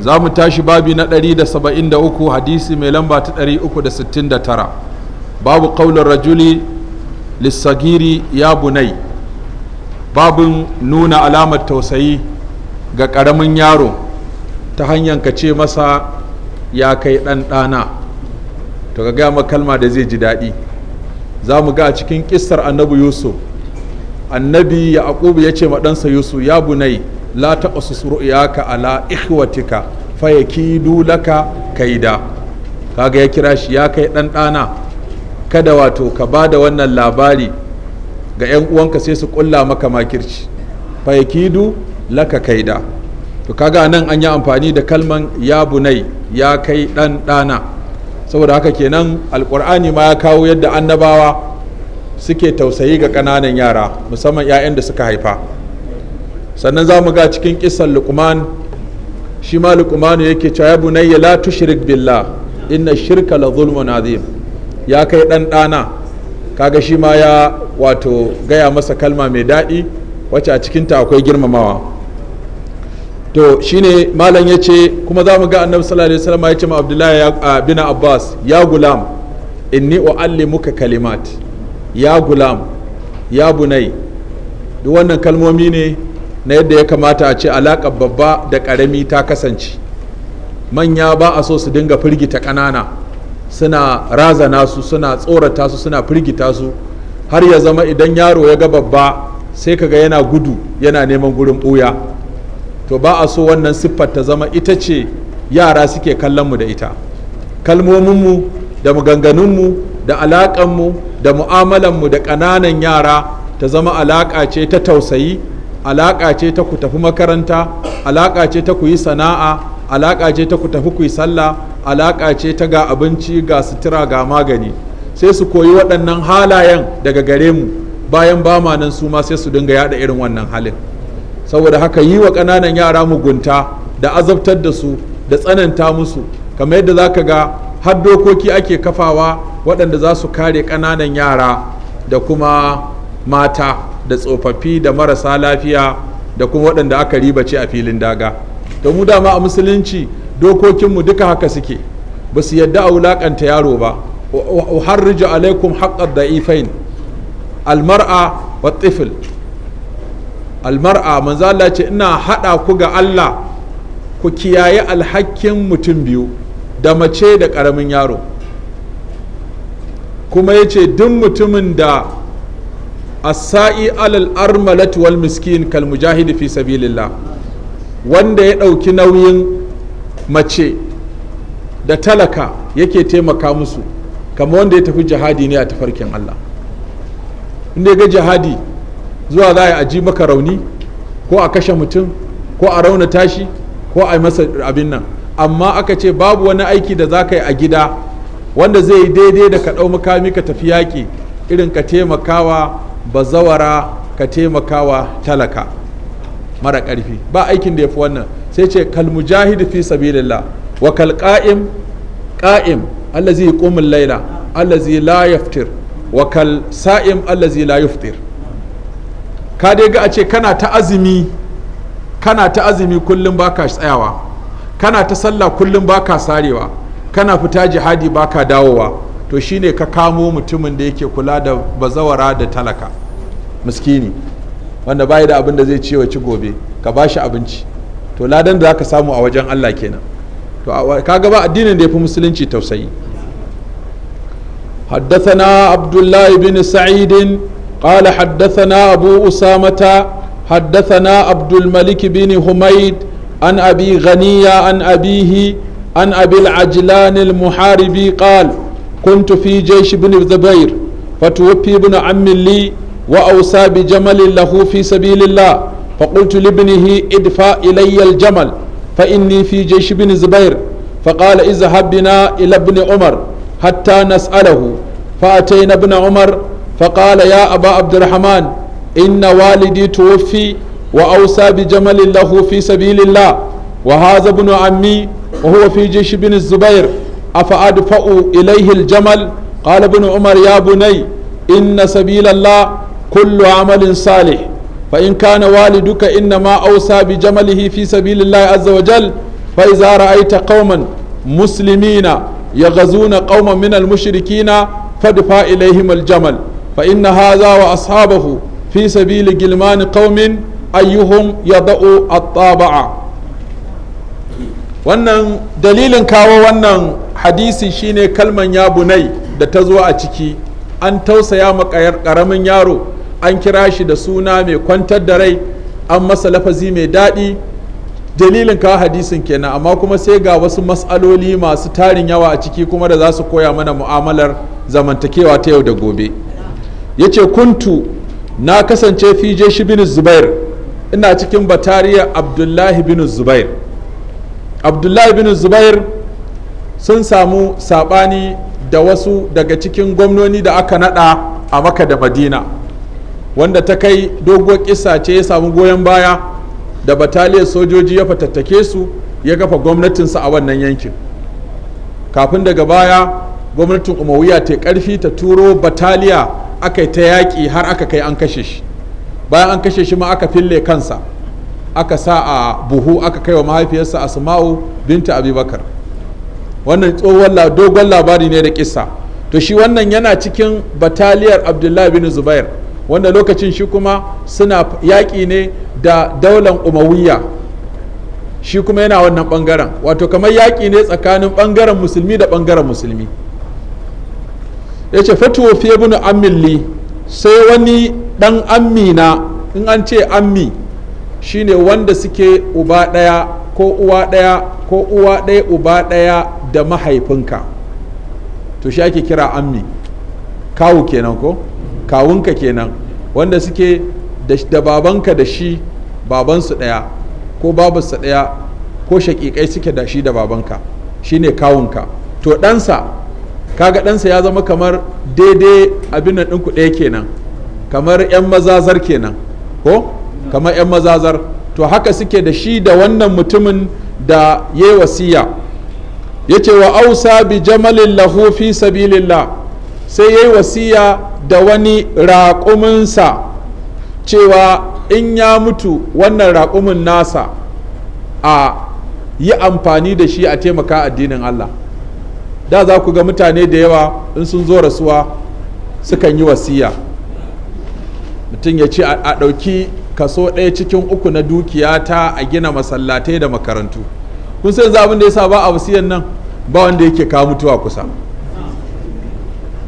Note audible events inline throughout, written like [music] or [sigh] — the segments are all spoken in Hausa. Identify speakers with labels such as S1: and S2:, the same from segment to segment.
S1: za mu tashi babi na 173 hadisi mai lamba ta 369 babu ƙaunar rajuli lissagiri ya bunai babin nuna alamar tausayi ga ƙaramin yaro ta hanyar ka ce masa ya kai ɗan ɗana to ga gama kalma da zai ji daɗi za mu ga a cikin ƙistar annabi yusuf annabi ya ya ce ma ɗansa yusuf ya bunai la taqsus ru'yaka ala ikhwatika fayakidu laka kaida kaga ya kira shi ya kai dan dana kada wato ka ba da wannan labari ga yan uwanka sai su kulla maka makirci fayakidu laka kaida to kaga nan an yi amfani da kalman ya bunai ya kai dan dana saboda haka kenan alƙur'ani ma ya kawo yadda annabawa suke tausayi ga ƙananan yara musamman 'ya'yan da suka haifa sannan za mu ga cikin kisan luqman shi ma luqman yake cewa ya bunayya la tushrik billah inna shirka la zulmun azim ya kai dan dana kaga shi ma ya wato gaya masa kalma mai daɗi wacce a cikinta akwai girmamawa to shine malam ya ce kuma za mu ga annabi sallallahu alaihi wasallam ya ce ma abdullahi bin abbas ya gulam inni uallimuka kalimat ya gulam ya bunai duk wannan kalmomi ne na yadda ya kamata a ce alaƙar babba da ƙarami ta kasance manya ba a so su dinga firgita ƙanana suna razana su suna tsorata su suna firgita su har ya zama idan yaro ya ga babba sai kaga yana gudu yana neman gurin ɓuya to ba a so wannan siffar ta zama ita ce yara suke kallon da ita kalmominmu da maganganunmu da alaƙanmu da mu'amalanmu da ƙananan yara ta zama alaƙa ce ta tausayi alaƙa ce ta ku tafi makaranta alaƙa ce ta ku yi sana'a alaƙa ce ta ku tafi ku yi sallah alaƙa ce ta ga abinci ga sutura ga magani sai su koyi waɗannan halayen daga gare mu bayan ba ma nan su ma sai su dinga yaɗa irin wannan halin saboda haka yi wa ƙananan yara mugunta da azabtar da su da tsananta musu kamar yadda za ka ga har dokoki ake kafawa waɗanda za su kare ƙananan yara da kuma mata da tsofaffi da marasa lafiya da kuma waɗanda aka riba ribace a filin daga to mu dama a musulunci dokokinmu duka haka suke ba su yadda a wulaƙanta yaro ba uharriju alaikum da da'ifain almar'a wa tifl almar'a manzo Allah ce ina haɗa ku ga Allah ku kiyaye alhakin mutum biyu da mace da ƙaramin yaro kuma ya ce duk mutumin da asai sai alal armalat wal miskin kal mujahidi fi sabilillah wanda ya ɗauki nauyin mace da talaka yake taimaka musu kama wanda ya tafi jihadi ne a tafarkin Allah inda ya ga jihadi zuwa za a ji maka rauni ko a kashe mutum ko a rauna tashi ko a masa abin nan amma aka ce babu wani aiki da za ka yi a gida wanda zai yi daidai da ka ɗau makami ka tafi yaƙi irin ka taimakawa bazawara ka taimakawa talaka mara ƙarfi ba aikin da ya fi wannan sai ce kalmujahidu fi sabilillah wa kal qa'im qa'im allazi yaqumul layla allazi la yaftir wa kal sa'im allazi la yuftir ka dai ga a ce kana ta azumi kana ta azumi kullum baka tsayawa kana ta sallah kullum baka sarewa kana fita jihadi baka dawowa to shine ka kamo mutumin da yake kula da bazawara da talaka miskini wanda bayi da abin da zai ci ci gobe ka ba shi abinci to ladan da zaka samu a wajen Allah kenan to kaga ba addinin da fi musulunci tausayi حدثنا عبد الله بن سعيد قال حدثنا أبو أسامة حدثنا عبد الملك بن حميد عن أبي غنية عن أبيه عن أبي العجلان المحاربي قال كنت في جيش بن الزبير فتوفي ابن عم لي وأوصى بجمل له في سبيل الله فقلت لابنه ادفع إلي الجمل فإني في جيش بن الزبير فقال اذهب بنا إلى ابن عمر حتى نسأله فأتينا ابن عمر فقال يا أبا عبد الرحمن إن والدي توفي وأوصى بجمل له في سبيل الله وهذا ابن عمي وهو في جيش بن الزبير afa'adfa'u ilayhi aljamal qala ibn umar ya bunai, inna sabilallah kullu amalin salih fa in kana waliduka inna ma awsa bi jamalihi fi sabilillah azza wa jal fa idza ra'aita qauman muslimina yaghzuna qauman min almushrikina fadfa ilayhim aljamal fa na hadha wa ashabahu fi sabili gilman qaumin ayyuhum yad'u at-taba'a wannan dalilin kawo wannan hadisi shine kalman ya bunai da ta zo a ciki an tausaya ma karamin yaro an kira shi da suna mai kwantar da rai an masa lafazi mai daɗi dalilin kawo hadisin kenan amma kuma sai ga wasu matsaloli masu tarin yawa a ciki kuma da za su koya mana mu'amalar zamantakewa ta yau da gobe ya ce kuntu na kasance fije shi bin zubair ina cikin batariya abdullahi bin zubair abdullahi bin zubair sun samu sabani da wasu daga cikin gwamnoni da aka nada a maka da madina wanda ta kai doguwar kisa ce ya samu goyon baya da bataliyar sojoji ya fatattake su ya kafa gwamnatinsa a wannan yankin kafin daga baya gwamnatin umawiya ta karfi ta turo bataliya aka yi ta yaƙi har aka kai an kashe shi bayan an kashe shi ma aka fille kansa aka sa a buhu aka kai wa mahaifiyarsa asma'u binta abubakar wannan tsohon dogon labari ne da kissa to shi wannan yana cikin bataliyar abdullahi bin zubair wanda lokacin shi kuma suna yaƙi ne da daular umawiyya shi kuma yana wannan bangaren wato kamar yaƙi ne tsakanin ɓangaren musulmi da bangaren musulmi ya ce fatuwa fiye bin li sai wani dan ammi na in an ce ammi shine wanda suke uba ɗaya ko uwa ɗaya ko uwa ɗaya uba ɗaya da mahaifinka to shi ake kira ammi kawu kenan ko kawunka kenan wanda suke da babanka da shi babansu ɗaya ko babansu ɗaya ko shaƙiƙai suke da shi da babanka shine kawunka to ɗansa kaga ɗansa ya zama kamar daidai abin nan ɗinku ɗaya kenan kamar 'yan mazazar kenan ko kamar 'yan mazazar to haka suke da shi da wannan mutumin da ya wasiya ya ce wa ausa bi jamalin lahu fi sai ya yi wasiya da wani raƙuminsa cewa in ya mutu wannan raƙumin nasa a yi amfani da shi a taimaka addinin Allah da za ku ga mutane da yawa in sun zo rasuwa sukan yi wasiya mutum ya ce a ɗauki kaso ɗaya cikin uku na dukiya ta a gina masallatai da makarantu kun san abin da ya sa ba a wasiyan nan ba wanda yake kawo mutuwa kusa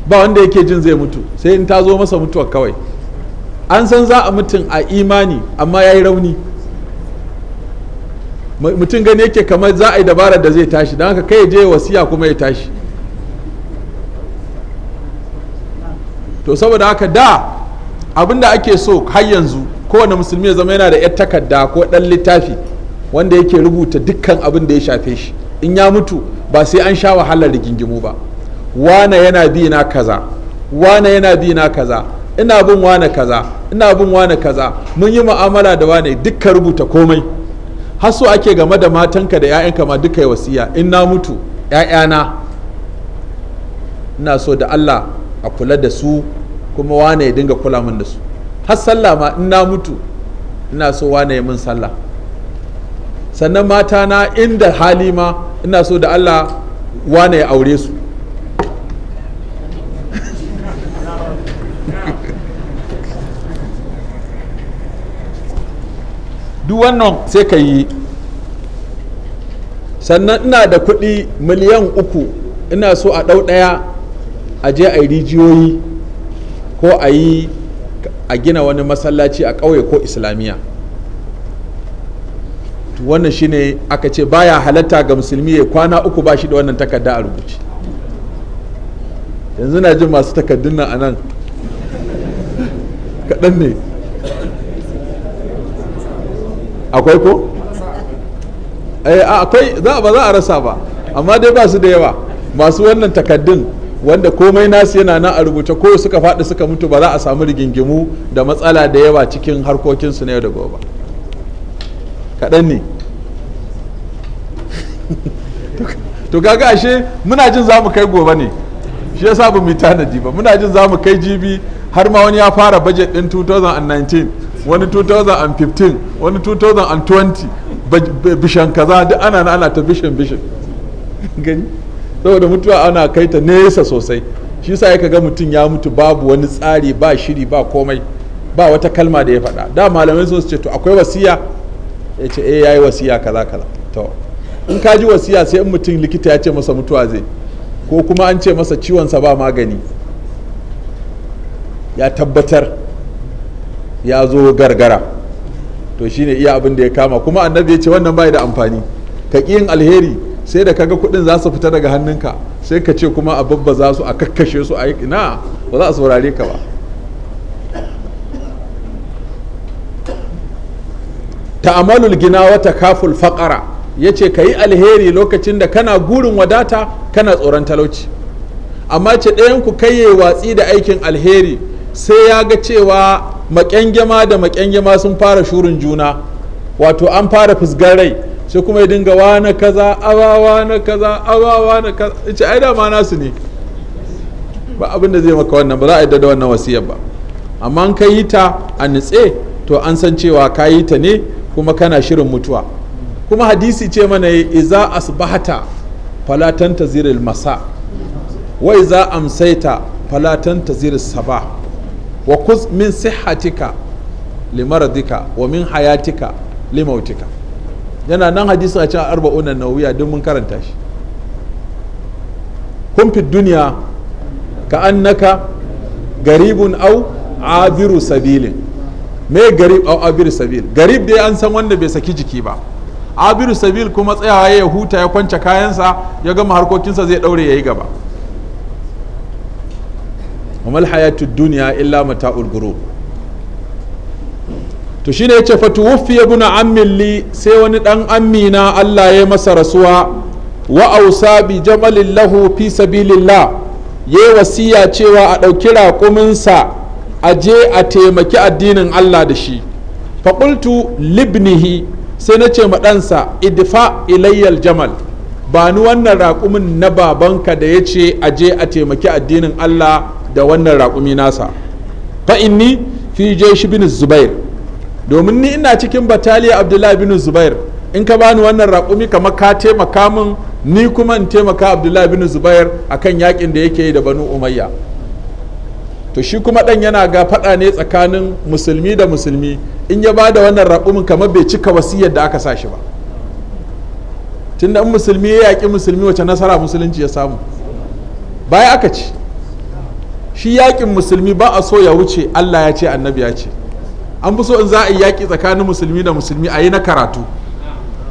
S1: ba wanda yake jin zai mutu sai in ta zo masa mutuwa kawai an san za a mutum a imani amma ya yi rauni mutum gani yake kamar za a yi dabarar da zai tashi don haka kai je wasiya kuma ya tashi to saboda haka da abinda ake so har yanzu kowane musulmi ya zama yana da yar takarda ko ɗan littafi wanda yake rubuta dukkan abin da ya shafe shi in ya mutu ba sai an sha wahalar rigingimu ba wane yana bi na kaza wane yana bi na kaza ina bin wane kaza ina bin wane kaza mun yi mu'amala da wane dukka rubuta komai haso ake game da matanka da 'ya'yanka ma duka yi wasiya in na mutu 'ya'yana ina so da allah a kula da su kuma wane ya dinga kula min da su har sallah ma in na mutu ina so wane min sallah sannan mata na inda hali ma ina so da Allah wane ya aure su [laughs] duk wannan sai ka yi sannan ina da kuɗi miliyan uku ina so a ɗau ɗaya a je a yi rijiyoyi ko a yi a gina wani masallaci a ƙauye ko islamiyya wannan shine aka ce baya halatta ga musulmi ya kwana uku ba shi da wannan takarda a rubuce yanzu na jin masu takardun nan a nan kaɗan ne akwai ko? Eh, akwai za ba za a rasa ba amma dai ba su da yawa masu wannan takardun. wanda komai nasu yana nan a rubuce ko suka faɗi suka mutu ba za a samu rigingimu da matsala da yawa cikin harkokinsu na yau da gobe kaɗan ne [laughs] to kaga ashe muna jin za mu kai gobe ne shi yasa ba mu tanadi ba muna jin za mu kai jibi har ma wani ya fara budget din 2019 wani 2015 wani 2020 bishan kaza duk ana ana ta bishan bishan [laughs] gani saboda mutuwa ana kai ta nesa sosai shi sa ka ga mutum ya mutu babu wani tsari ba shiri ba komai ba wata kalma da ya faɗa da malamai sun ce to akwai wasiya ya ce eh yayi wasiya kaza kaza to in ka ji wasiya sai in mutum likita ya ce masa mutuwa zai ko kuma an ce masa ciwon sa ba magani ya tabbatar ya zo gargara to shine iya abin da ya kama kuma annabi ya ce wannan bai da amfani ka ƙi yin alheri sai da kaga kuɗin za su fita daga hannunka sai ka ce kuma a babba za su a kakkashe su a yi ina ba za a saurare ka ba ta'amalul gina wata kaful faƙara ya ce ka yi alheri lokacin da kana gurin wadata kana tsoron talauci amma ce ku kai watsi da aikin alheri sai ya ga cewa maƙyangyama da maƙyangyama sun fara shurin juna wato an fara fusgar rai sai kuma ya dinga wa na kaza wa na kaza wa na kaza ce ai dama nasu ne ba abin da zai maka wannan ba za a yadda da wannan wasiyar ba amma an ka yi ta a nutse to an san cewa ka yi ta ne kuma kana shirin mutuwa kuma hadisi ce mana iza asbahata falatan zirin masa wa iza amsaita falatan zirin Saba. wa kus min sihatika limaradika wa min hayatika limautika yana nan hadisi a can arba'unan nawiya duk mun karanta shi kun fi duniya ka annaka garibun au abiru sabilin me garib au abiru sabil garib dai an san wanda bai saki jiki ba abiru sabil kuma tsayawa ya huta ya kwance kayansa ya gama harkokinsa zai daure ya yi gaba umal hayatu duniya illa mata'ul gurur to shine ce fa wufi ya guna li sai wani dan amina Allah ya masa rasuwa wa ausa bi jamalin lahu fi sabilillah ya wasiya cewa a ɗauki raƙuminsa a je a taimaki addinin Allah da shi faƙultu libnihi sai na ce ɗansa idifa ilayyal jamal ba ni wannan raƙumin na babanka da ya ce a je a taimaki addinin Allah da wannan raƙumi nasa fa inni fi shi bin zubair domin ni ina cikin bataliya abdullahi bin zubair in ka bani wannan raƙumi kamar ka taimaka min ni kuma in taimaka abdullahi bin zubair akan yakin da yake yi da banu umayya to shi kuma ɗan yana ga faɗa ne tsakanin musulmi da musulmi in ya ba da wannan raƙumin kamar bai cika wasiyar da aka sa shi ba tunda in musulmi ya yaƙi musulmi wace nasara musulunci ya samu baya aka ci shi yaƙin musulmi ba a so ya wuce allah ya ce annabi ya ce an fi so in za a yi yaƙi tsakanin musulmi da musulmi a yi na karatu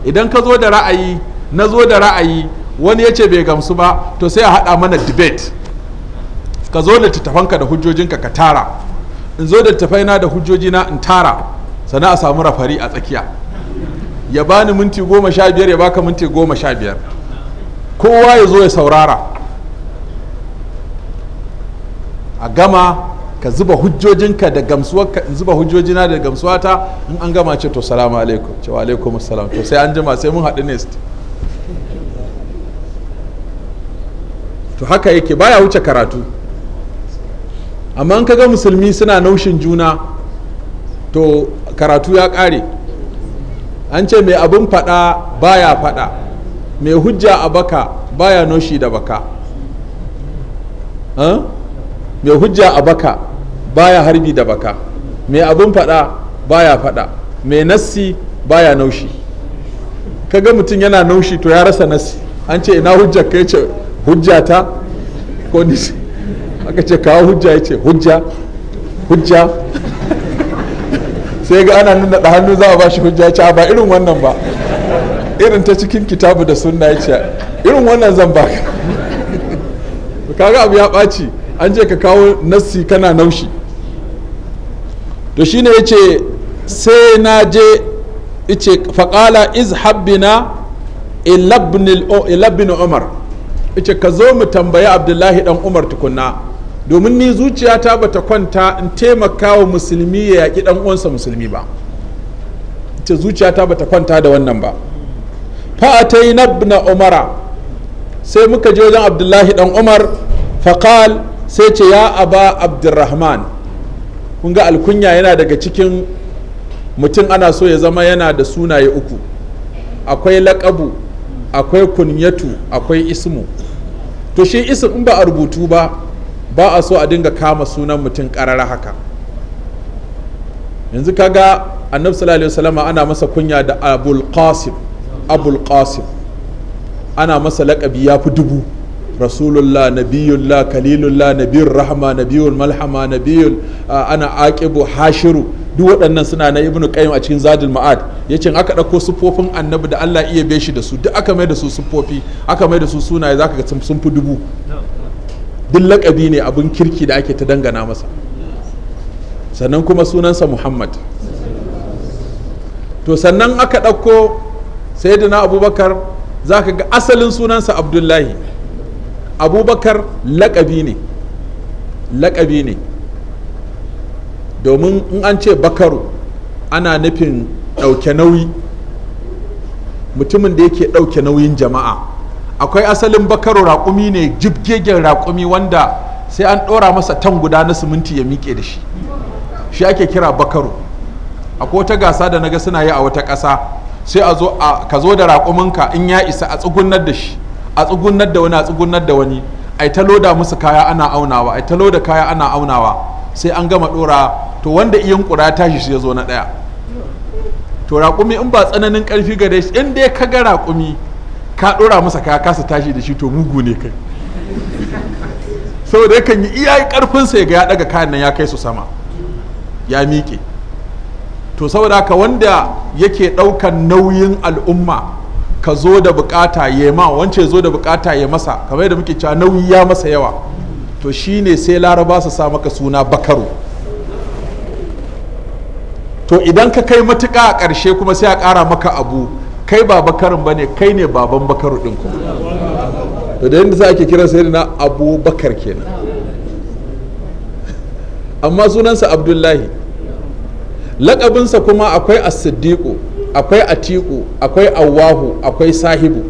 S1: idan ka zo da ra'ayi na zo da ra'ayi wani ya ce bai gamsu ba to sai a haɗa mana debate ka zo da tattafanka da hujjojinka ka tara in zo da tattafaina da hujjojina in tara sana a samu rafari a tsakiya ya bani minti goma sha biyar ya baka minti goma sha biyar kowa ya zo ya saurara a gama ka zuba hujjojinka da gamsuwa ka zuba hujjojina da gamsuwata in an gama ce to salamu alaikum wa alaikum assalam to sai an jima sai mun haɗu ne to haka yake baya wuce karatu amma in kaga musulmi suna naushin juna to karatu ya ƙare an ce mai abin faɗa baya faɗa mai hujja a baka baya noshi da baka mai hujja a baka baya harbi da baka mai abin faɗa baya faɗa mai nassi baya naushi kaga mutum yana naushi to ya rasa nassi an ce ina hujja ka ce hujja ta ko nisi aka ce kawo hujja ya ce hujja hujja [laughs] sai ga ana nuna hannu za a ba shi hujja ya ce ba irin wannan ba irin ta cikin kitabu da sunna ya ce irin wannan zan baka kaga [laughs] abu ya ɓaci an je ka kawo nassi kana naushi to shine ce sai na je ce faƙala iz habbina ilabbin umar ce ka zo mu tambayi abdullahi dan umar tukunna domin ni zuciya ta bata kwanta in taimaka wa musulmi ya yaƙi dan uwansa musulmi ba Zuciya ta bata kwanta da wannan ba yi na umara sai muka je wajen abdullahi ɗan umar faƙal sai ce ya aba abdurrahman kun ga alkunya yana daga cikin mutum ana so ya zama yana da sunaye uku akwai laƙabu akwai kunyatu akwai ismu to shi isu in ba a rubutu ba ba a so a dinga kama sunan mutum ƙarara haka yanzu kaga annabi sallallahu alaihi wasallam ana masa kunya da abul qasim ana masa lakabi ya fi dubu rasulullah nabiyullah kalilullah nabiyur rahma nabiyul malhama nabiyul ana aqibu hashiru duk waɗannan suna na ibnu qayyim a cikin zadul ma'ad yace in aka ɗauko siffofin annabi da Allah iya be shi da su duk aka mai da su siffofi aka mai da su sunaye zaka ga sun fi dubu duk lakabi ne abin kirki da ake ta dangana masa sannan kuma sunansa muhammad to sannan aka ɗauko sayyidina abubakar zaka ga asalin sunansa abdullahi abubakar laƙabi ne lakabi ne domin in an ce bakaru ana nufin ɗauke nauyi mutumin da yake ɗauke nauyin jama'a akwai asalin bakaru raƙumi ne jibgegen raƙumi wanda sai an ɗora masa tan guda na siminti ya miƙe da shi shi ake kira bakaru akwai wata gasa da naga suna yi a wata ƙasa sai a ka zo da raƙuminka in ya isa a tsugunar da shi a tsugunar da wani a tsugunar da wani ai ta loda musu kaya ana aunawa ai ta loda kaya ana aunawa sai an gama dora to wanda iyan kura ya tashi shi ya zo na daya to raƙumi in ba tsananin karfi gare shi in dai ka ga raƙumi ka dora masa kaya kasa tashi da shi to mugu ne kai saboda yakan yi iya ƙarfinsa ya ga daga kayan nan ya kai su sama ya miƙe to saboda haka wanda yake ɗaukan nauyin al'umma ka zo da bukata ya ma wance zo da bukata ya masa kamar yadda muke cewa nauyi ya masa yawa to shine sai laraba su sa maka suna bakaru to idan ka kai matuka a karshe kuma sai a kara maka abu kai ba bakarin ba ne kai ne baban bakaru ɗin kuma to da yadda ke kiran sai na abu bakar kenan amma sunansa abdullahi lakabinsa kuma akwai as-siddiqu akwai atiku akwai awahu akwai sahibu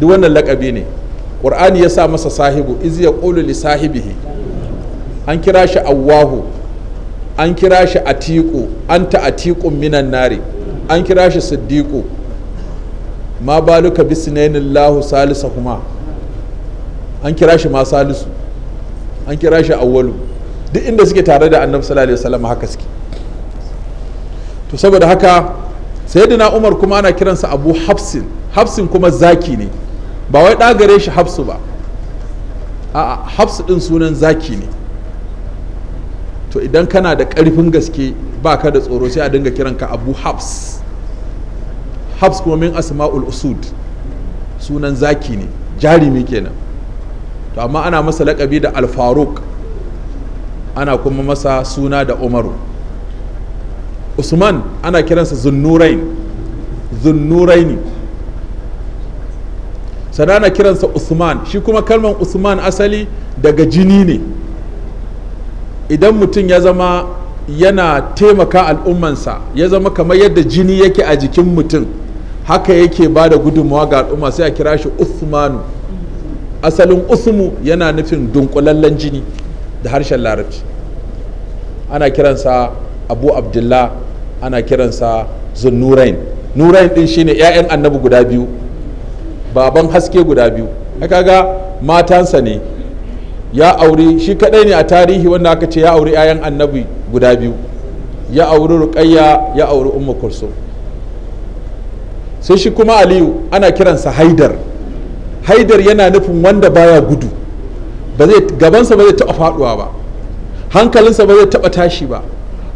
S1: duk wannan lakabi ne ƙur'ani ya sa masa sahibu iz ya ƙulu li sahibihi an kira shi awahu an kira shi atiku an ta atikun minan nari an kira shi siddiqu ma baluka bisnainin lahu salisa kuma an kira shi ma salisu an kira shi awwalu duk inda suke tare da annabi sallallahu alaihi wasallam haka suke to saboda haka sayyidina umar kuma ana kiransa abu hafsin hafsin kuma zaki ne ba wai dagare shi hafsu ba a hafsu ɗin sunan zaki ne to idan kana da karfin gaske ba ka da tsoro sai a dinga kiranka abu hafs hafs kuma min asma'ul usud sunan zaki ne jarumi kenan to amma ana masa lakabi da alfaruk ana kuma masa suna da umaru usman ana kiransa zunnurai zunnuraini sannan ana kiransa usman shi kuma kalman usman asali daga jini ne idan mutum ya zama yana taimaka al'ummansa ya zama kamar yadda jini yake a jikin mutum haka yake ba da gudunmawa ga al'umma sai a kira shi usmanu asalin usmu yana nufin dunkulallen jini da harshen larabci ana kiransa abu abdullah ana kiransa zun nurain din shine 'ya'yan annabi guda biyu baban haske guda biyu kaga matansa ne ya auri shi kadai ne a tarihi wanda aka ce ya auri 'ya'yan annabi guda biyu ya auri ruqayya ya auri ummu kulsum sai shi kuma aliyu ana kiransa haidar haidar yana nufin wanda baya gudu gabansa ba zai taɓa faɗuwa ba hankalinsa ba zai taɓa tashi ba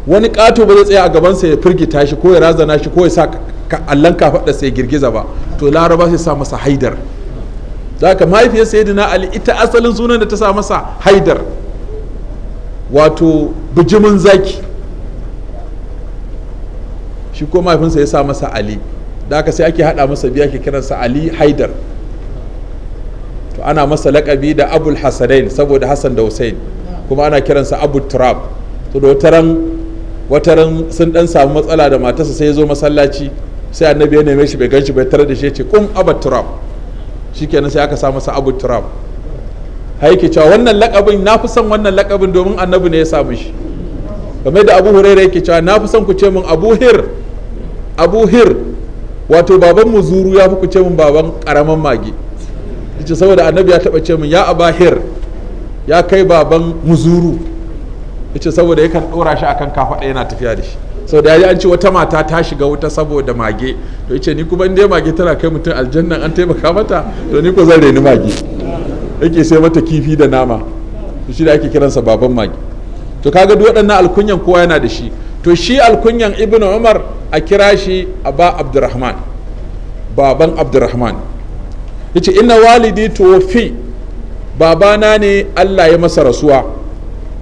S1: wani kato ba zai tsaya a gabansa ya firgita shi ko ya razana shi ko ya sa allon kafaɗa sai girgiza ba to laraba sai sa masa haidar da ka mahaifiyar sayyidina ali ita asalin sunan da ta sa masa haidar wato bijimin zaki shi ko mahaifinsa ya sa masa ali da ka sai ake hada masa biya ke kiransa ali haidar to ana masa lakabi da abul hasanain saboda hassan da hussein kuma ana kiransa abu turab to da wata wata ran sun dan samu matsala da matarsa sai ya zo masallaci sai annabi ya neme shi bai ganshi bai tare da shi ya ce kum abu turab shikenan sai aka sa masa abu turab haike cewa wannan lakabin na fi son wannan lakabin domin annabi ne ya samu shi game da abu huraira yake cewa na fi son ku ce min abu hir abu hir wato baban mu zuru ya fi ku ce min baban karaman mage yace saboda annabi ya taba ce min ya abahir ya kai baban muzuru yace saboda yakan dora shi akan kafaɗa yana tafiya da shi ya yaji an ce wata mata ta shiga wuta saboda mage to yace ni kuma in dai mage tana kai mutum aljanna an taimaka mata to ni ko zan reni mage yake sai mata kifi da nama to shi da ake kiransa baban mage to kaga duk waɗannan alkunyan kowa yana da shi to shi alkunyan ibn umar a kira shi a ba abdurrahman baban abdurrahman yace inna walidi tuwfi babana ne Allah ya masa rasuwa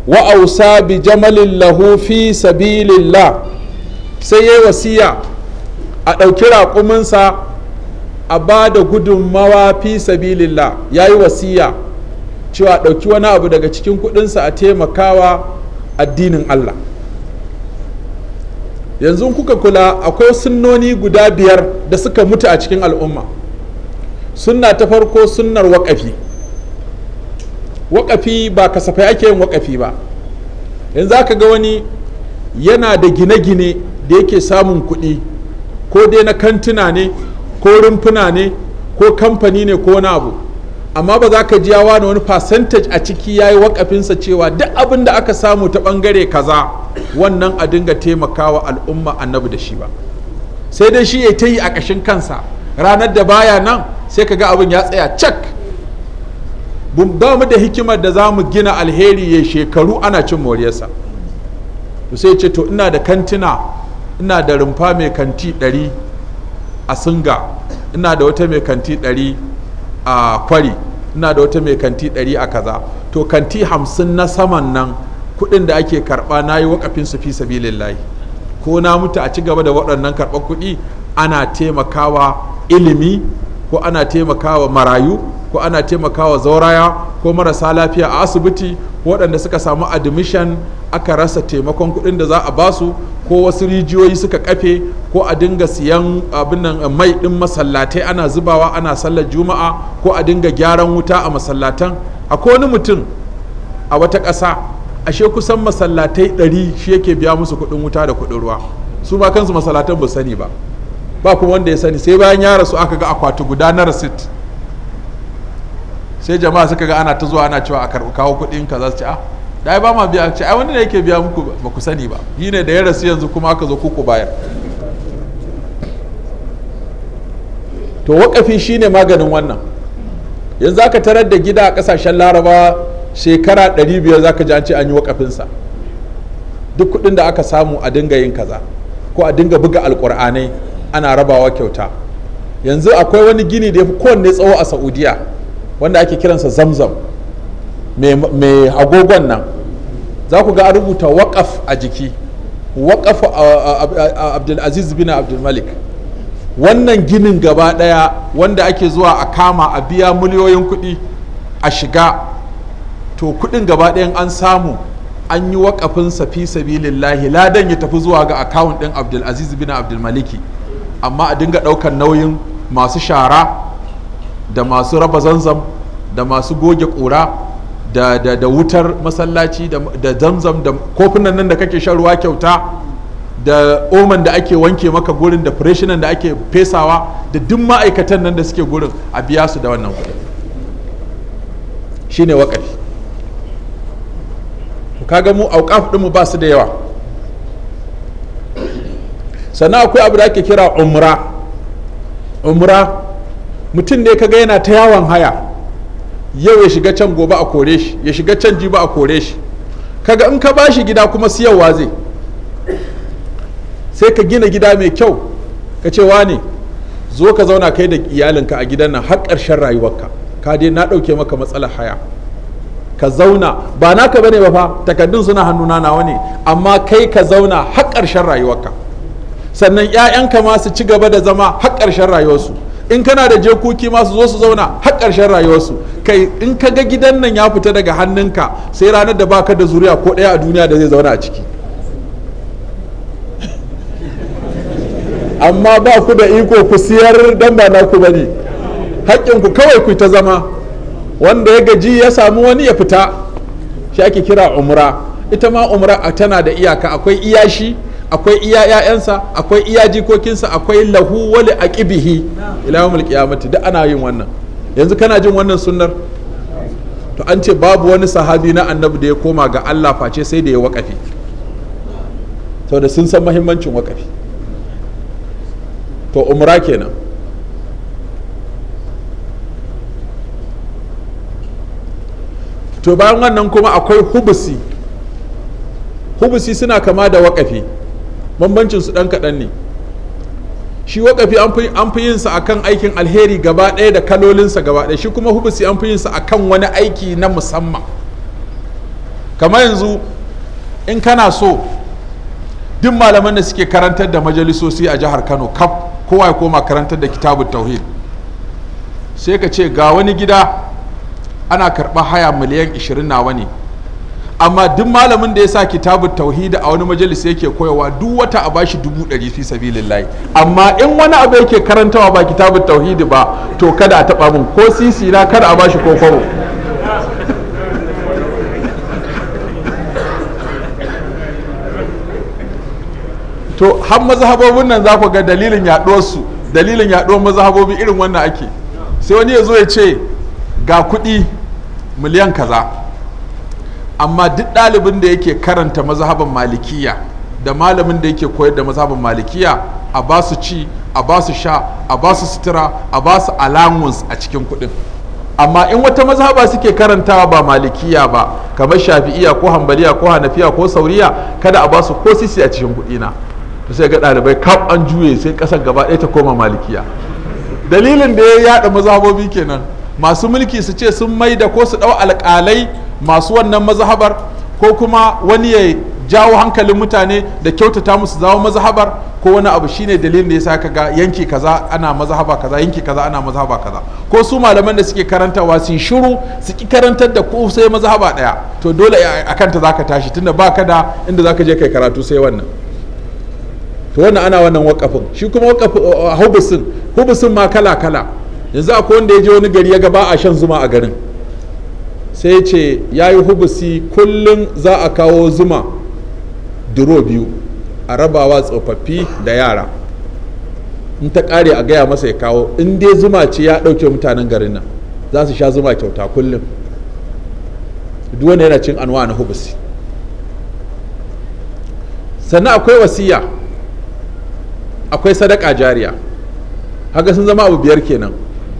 S1: wa ausa bi jamalin lahu fi sabilillah sai yayi wasiya a ɗauki raƙuminsa a ba da gudunmawa fi sabilillah ya yi wasiya cewa ɗauki wani abu daga cikin kuɗinsa a taimakawa addinin Allah yanzu kuka kula akwai sunnoni guda biyar da suka mutu a cikin al'umma sunna ta farko sunnar waƙafi waƙafi ba kasafai ake yin waƙafi ba yanzu za ka ga wani yana da gine-gine da yake samun kuɗi ko dai na kantuna ne ko rumfuna ne ko kamfani ne ko wani abu amma ba za ka ji na wani percentage a ciki ya yi waƙafinsa cewa duk abin da aka samu ta ɓangare kaza wannan a dinga taimakawa al'umma annabi da shi ba sai dai shi ya ta yi a ƙashin kansa ranar da baya nan sai ka ga abin ya tsaya cak ba mu da hikimar da za mu gina alheri ya shekaru ana cin moriyarsa to sai ce to ina da kantina ina da rumfa mai kanti 100 a singa ina da wata mai kanti ɗari a kwari ina da wata mai kanti 100 a kaza to kanti hamsin na saman nan kudin da ake karba na yi wakafin su fi layi ko na mutu a ci gaba da waɗannan karɓar kuɗi ana taimakawa ilimi ko ana taimakawa marayu ko ana taimakawa zauraya ko marasa lafiya a asibiti waɗanda suka samu admission aka rasa taimakon kuɗin da za a basu ko wasu rijiyoyi suka kafe ko a dinga siyan abinnan eh, mai ɗin masallatai ana zubawa ana sallar juma'a ko a dinga gyaran wuta a masallatan ko wani mutum a wata ƙasa ashe kusan masallatai ɗari shi yake biya musu kuɗin wuta da kuɗin ruwa su ma kansu masallatan ba sani ba ba kuma wanda ya sani sai bayan ya rasu aka ga akwati guda na rasit. sai jama'a suka ga ana ta zuwa ana cewa a karɓi kawo kuɗin ka za su ce ah da ba ma biya ce ai wani ne yake biya muku ba ku sani ba yi ne da ya rasu yanzu kuma aka zo kuku bayar to wakafi shine maganin wannan yanzu aka tarar da gida a kasashen laraba shekara 500 zaka ji an ce an yi wakafinsa duk kuɗin da aka samu a dinga yin kaza ko a dinga buga alkur'anai ana rabawa kyauta yanzu akwai wani gini da ya fi kowanne tsawo a saudiya wanda ake kiransa zamzam mai agogon nan za ku ga a rubuta waƙaf a jiki waƙaf abdulaziz bin abdulmalik wannan ginin gaba ɗaya wanda ake zuwa a kama a biya miliyoyin kuɗi a shiga to kuɗin gaba ɗayan an samu an yi waƙafin fi sabilillahi ladan ya tafi zuwa ga akawun ɗin abdulaziz bin abdulmaliki amma a dinga ɗaukar nauyin masu shara da masu raba zanzam da masu goge ƙura da, wutar masallaci da, zanzam, da kofunan nan da kake shan ruwa kyauta da oman da ake wanke maka gurin da freshinan da ake fesawa da duk ma'aikatan nan da suke gurin a biya su da wannan kuɗi shine wakafi kaga mu auƙaf ɗinmu ba su da yawa sannan akwai abu da ake kira umra umra mutum ne kaga yana ta yawon haya yau ya shiga can gobe a kore shi ya shiga can jiba a kore shi kaga in ka ba shi gida kuma siyarwa zai sai ka gina gida mai kyau ka ce ne zo ka zauna kai da iyalinka a gidan nan har ƙarshen rayuwarka ka dai na ɗauke maka matsalar haya ka zauna ba naka bane ba fa takaddun suna hannuna nawa ne amma kai ka zauna har ƙarshen rayuwarka sannan 'ya'yanka ma su ci gaba da zama har ƙarshen rayuwarsu in kana da jekuki masu su zo su zauna har ƙarshen rayuwarsu kai in ka ga gidan nan ya fita daga hannunka sai ranar da baka da zuriya ko ɗaya a duniya da zai zauna a ciki amma ba ku da iko ku siyar dan ba naku bane ku kawai ku ta zama wanda ya gaji ya samu wani ya fita shi ake kira umra ita ma umra tana da iyaka akwai iyashi akwai iya ƴaƴansa akwai iya jikokinsa akwai lahu wali ƙibihi ila yawmil qiyamati duk ana yin wannan yanzu kana jin wannan sunnar to an ce babu wani sahabi na annabi da ya koma ga Allah face sai da ya wakafi da sun san mahimmancin wakafi to umra kenan to bayan wannan kuma akwai hubusi hubusi suna kama da wakafi bambancin su dan kaɗan ne shi wakafi an fi yinsa a kan aikin alheri gaba ɗaya da kalolinsa gaba ɗaya shi kuma hubusi an fi yinsa a kan wani aiki na musamman kamar yanzu in kana so duk malaman da suke karantar da majalisosi a jihar kano kaf kowa ya koma karantar da kitabun tauhid sai ka ce ga wani gida ana karɓar haya miliyan 20 nawa ne amma duk malamin da ya sa kitabu tauhidi a wani majalis yake koyawa duk wata a bashi dubu ɗari fi sabilillahi amma in wani abu yake karantawa ba kitabu tauhidi ba to kada a taɓa mun ko sisi na kada a bashi ko kwabo to har mazhabobin nan za ku ga dalilin yaɗuwarsu dalilin yaɗuwar mazhabobi irin wannan ake sai wani ya zo ya ce ga kuɗi miliyan kaza amma duk ɗalibin da yake karanta mazhaban malikiya da malamin da yake koyar da mazhaban malikiya a ba su ci a ba su sha a ba su sutura a ba su allowance a cikin kuɗin amma in wata mazhaba suke karantawa ba malikiya ba kamar shafi'iya ko hambaliya ko hanafiya ko sauriya kada a ba su ko sisi a cikin kuɗi na sai ga ɗalibai kaf an juye sai ƙasar gaba ɗaya ta koma malikiya dalilin da ya yaɗa mazhabobi kenan masu mulki su ce sun maida ko su ɗau alƙalai masu wannan mazhabar ko kuma wani ya jawo hankalin mutane da kyautata musu zawo mazhabar ko wani abu shine dalilin da yasa ka ga yanki kaza ana mazhaba kaza yanki kaza ana mazhaba kaza ko su malaman da suke karantawa wasin shiru su ki karantar da ku sai mazhaba daya to dole a kanta zaka tashi tunda baka da inda zaka je kai karatu sai wannan to wannan ana wannan wakafin shi kuma wakafin hubusin hubusin ma kala kala yanzu akwai wanda ya je wani gari ya ga ba a shan zuma a garin sai ce ya yi hubusi kullum za a kawo zuma duro biyu a rabawa tsofaffi da yara in ta kare a gaya masa ya kawo in dai zuma ce ya dauke mutanen garin nan za su sha zuma kyauta kullum duk wanda yana cin anwa na hubusi sannan akwai wasiya akwai sadaka jariya haka sun zama abu biyar kenan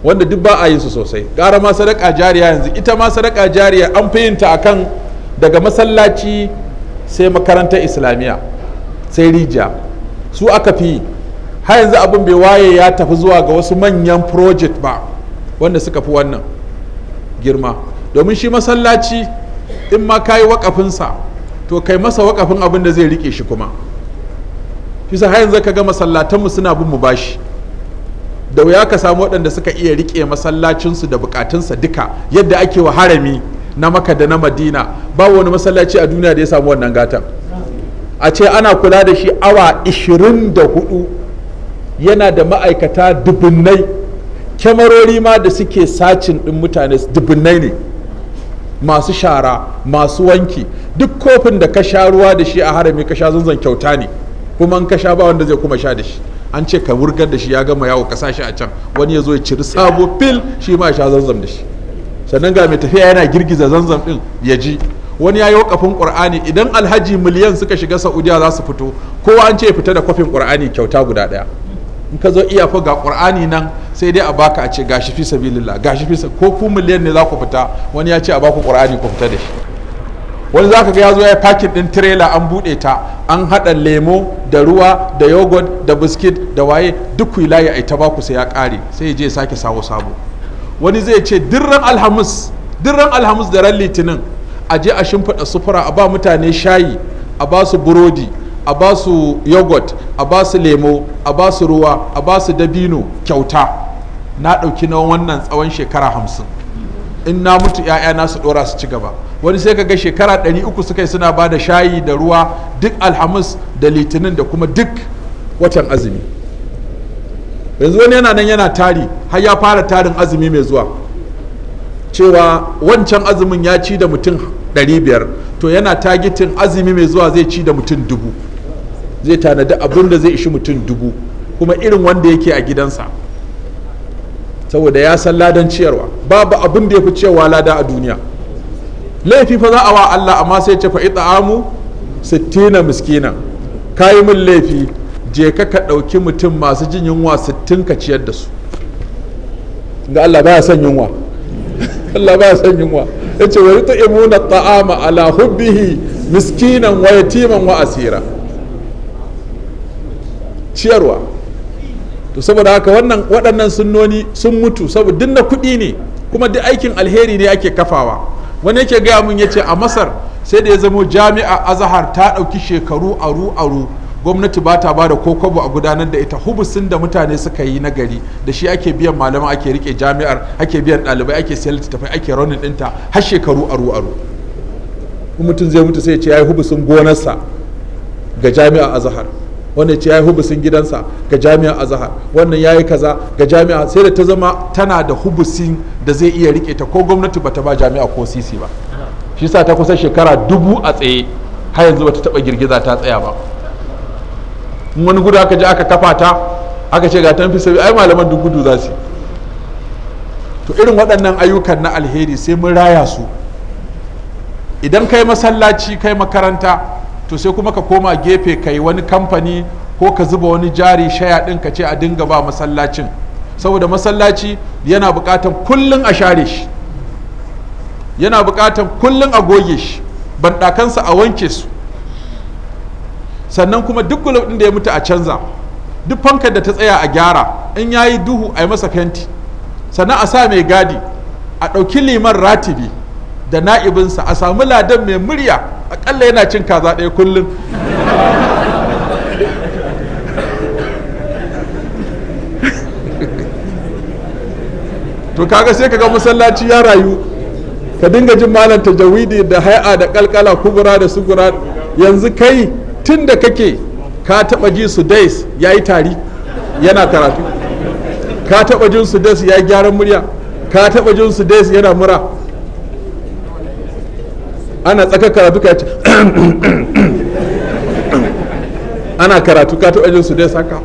S1: wanda duk ba a yin su sosai gara ma sadaka jariya yanzu ita ma sadaka jariya an fi yinta akan daga masallaci sai makarantar islamiyya sai rijiya su aka fi har yanzu abin bai waye ya tafi zuwa ga wasu manyan project ba wanda suka fi wannan girma domin shi masallaci in ma kayi wakafinsa to kai masa wakafin abin da zai rike shi kuma fisa har yanzu ka ga masallatanmu suna bin mu bashi da wuya ka samu waɗanda suka iya riƙe masallacinsu da bukatunsa duka yadda ake wa harami na maka da na madina ba wani masallaci a duniya da ya samu wannan gatan a ce ana kula da shi awa 24 yana da ma'aikata dubunnai kyamarori ma da suke sacin ɗin mutane dubunnai ne masu shara masu wanki duk kofin da ka sha ruwa da shi a harami ka sha zanzan kyauta ne kuma in ka sha ba wanda zai kuma sha da shi an ce ka wurgar da shi ya gama yawo ka shi a can wani ya zo ya ciri sabo fil shi ma sha zanzam da shi sannan ga mai tafiya yana girgiza zanzam din ya ji wani ya yi kafin qur'ani idan alhaji miliyan suka shiga saudiya za su fito kowa an ce ya fita da kwafin ƙur'ani kyauta guda ɗaya in ka zo iya fa ga qur'ani nan sai dai a baka a ce gashi fi sabilillah gashi fi ko ku miliyan ne za ku fita wani ya ce a baku ƙur'ani ku fita da shi wani zaka ga ya zo ya pakin din tirela an bude ta an hada lemo da ruwa da yogurt da biskit da waye duk ku layi ai ta baku sai ya kare sai ya je sake sawo sabo wani zai ce dirran alhamis dirran alhamis da ran litinin a je a shimfiɗa sufura a ba mutane shayi a ba su burodi a ba su yogurt a ba su lemo a ba su ruwa a ba su dabino kyauta na ɗauki na wannan tsawon shekara hamsin in na mutu ‘ya'yana su dora su ci gaba wani sai ka ga shekara 300 suka yi suna ba da shayi da ruwa duk alhamis da litinin da kuma duk watan azumi yanzu wani yana nan yana tari har ya fara tarin azumi mai zuwa cewa wancan azumin ya ci da mutum biyar to yana tagitin azumi mai zuwa zai ci da mutum dubu zai tanadi abin da zai ishi mutum dubu kuma irin wanda yake a gidansa saboda ya san ladan ciyarwa babu abin da ya fi cewa lada a duniya laifi fa za a wa Allah amma sai ce fa it'amu sittina miskina yi min laifi je ka ka ɗauki mutum masu jin yunwa sittin ka ciyar da su ga Allah ya son yunwa [laughs] Allah ya san yunwa yace wa yut'imuna ta'ama ala hubbihi miskinan wa yatiman wa asira ciyarwa to saboda haka wannan waɗannan sunnoni sun mutu saboda duk na kuɗi ne kuma duk aikin alheri ne ake kafawa wani yake gaya mun yace a masar sai da ya zamo jami'a azahar ta ɗauki shekaru aru aru gwamnati ba ta bada da kokobo a gudanar da ita hubusin da mutane suka yi na gari da shi ake biyan malama ake rike jami'ar ake biyan ɗalibai ake sayar littattafai ake raunin ɗinta har shekaru aru aru mutum zai mutu sai ya ce ya yi hubusin gonarsa ga jami'a azahar wannan ce ya yi hubusin gidansa ga a azahar wannan ya yi kaza ga jami'a sai da ta zama tana da hubusin da zai iya rike ta ko gwamnati bata ba jami'a ko sisi ba shi sa ta kusa shekara dubu a tsaye har yanzu bata taba girgiza ta tsaya ba wani gudu aka je aka kafa ta aka ce ga tan fi sabi ai malaman duk gudu za su to irin waɗannan ayyukan na alheri sai mun raya su idan kai masallaci kai makaranta to sai kuma ka koma gefe ka yi wani kamfani ko ka zuba wani jari shaya ɗin ka ce a dinga ba masallacin saboda masallaci yana buƙatan kullum a share shi yana buƙatan kullum a goge shi banɗakansa a wanke su sannan kuma duk gulab ɗin da ya mutu a canza duk fankar da ta tsaya a gyara in ya yi duhu a yi masa fenti sannan a sa mai gadi a ɗauki liman ratibi da na'ibinsa a samu ladan mai murya akalla yana cin kaza ɗaya kullum to kaga sai ga masallaci ya rayu ka dinga jin malam tajawidi da hai'a da kalkala kubura da sugura yanzu kai tun da kake ka taba ji su dais ya yi tari yana karatu ka taba jin su dais ya yi gyaran murya ka taba jin su dais yana mura ana tsakar karatu ka ana karatu ka taɓa su dai saka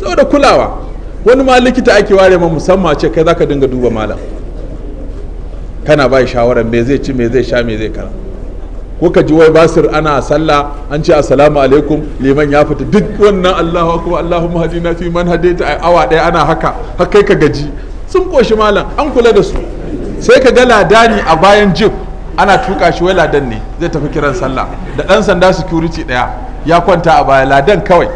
S1: saboda kulawa wani ma likita ake ware ma musamman ce kai zaka dinga duba malam kana bai shawarar me zai ci me zai sha me zai kara ko ka ji wai basir ana sallah an ce assalamu alaikum liman ya fita duk wannan allahu akbar allahumma hadina fi man hadaita a awa daya ana haka har kai ka gaji sun koshi malam an kula da su sai ka ga ladani a bayan jib ana tuka shi wai ladan ne zai tafi kiran sallah da ɗan sanda security daya ya kwanta a baya ladan kawai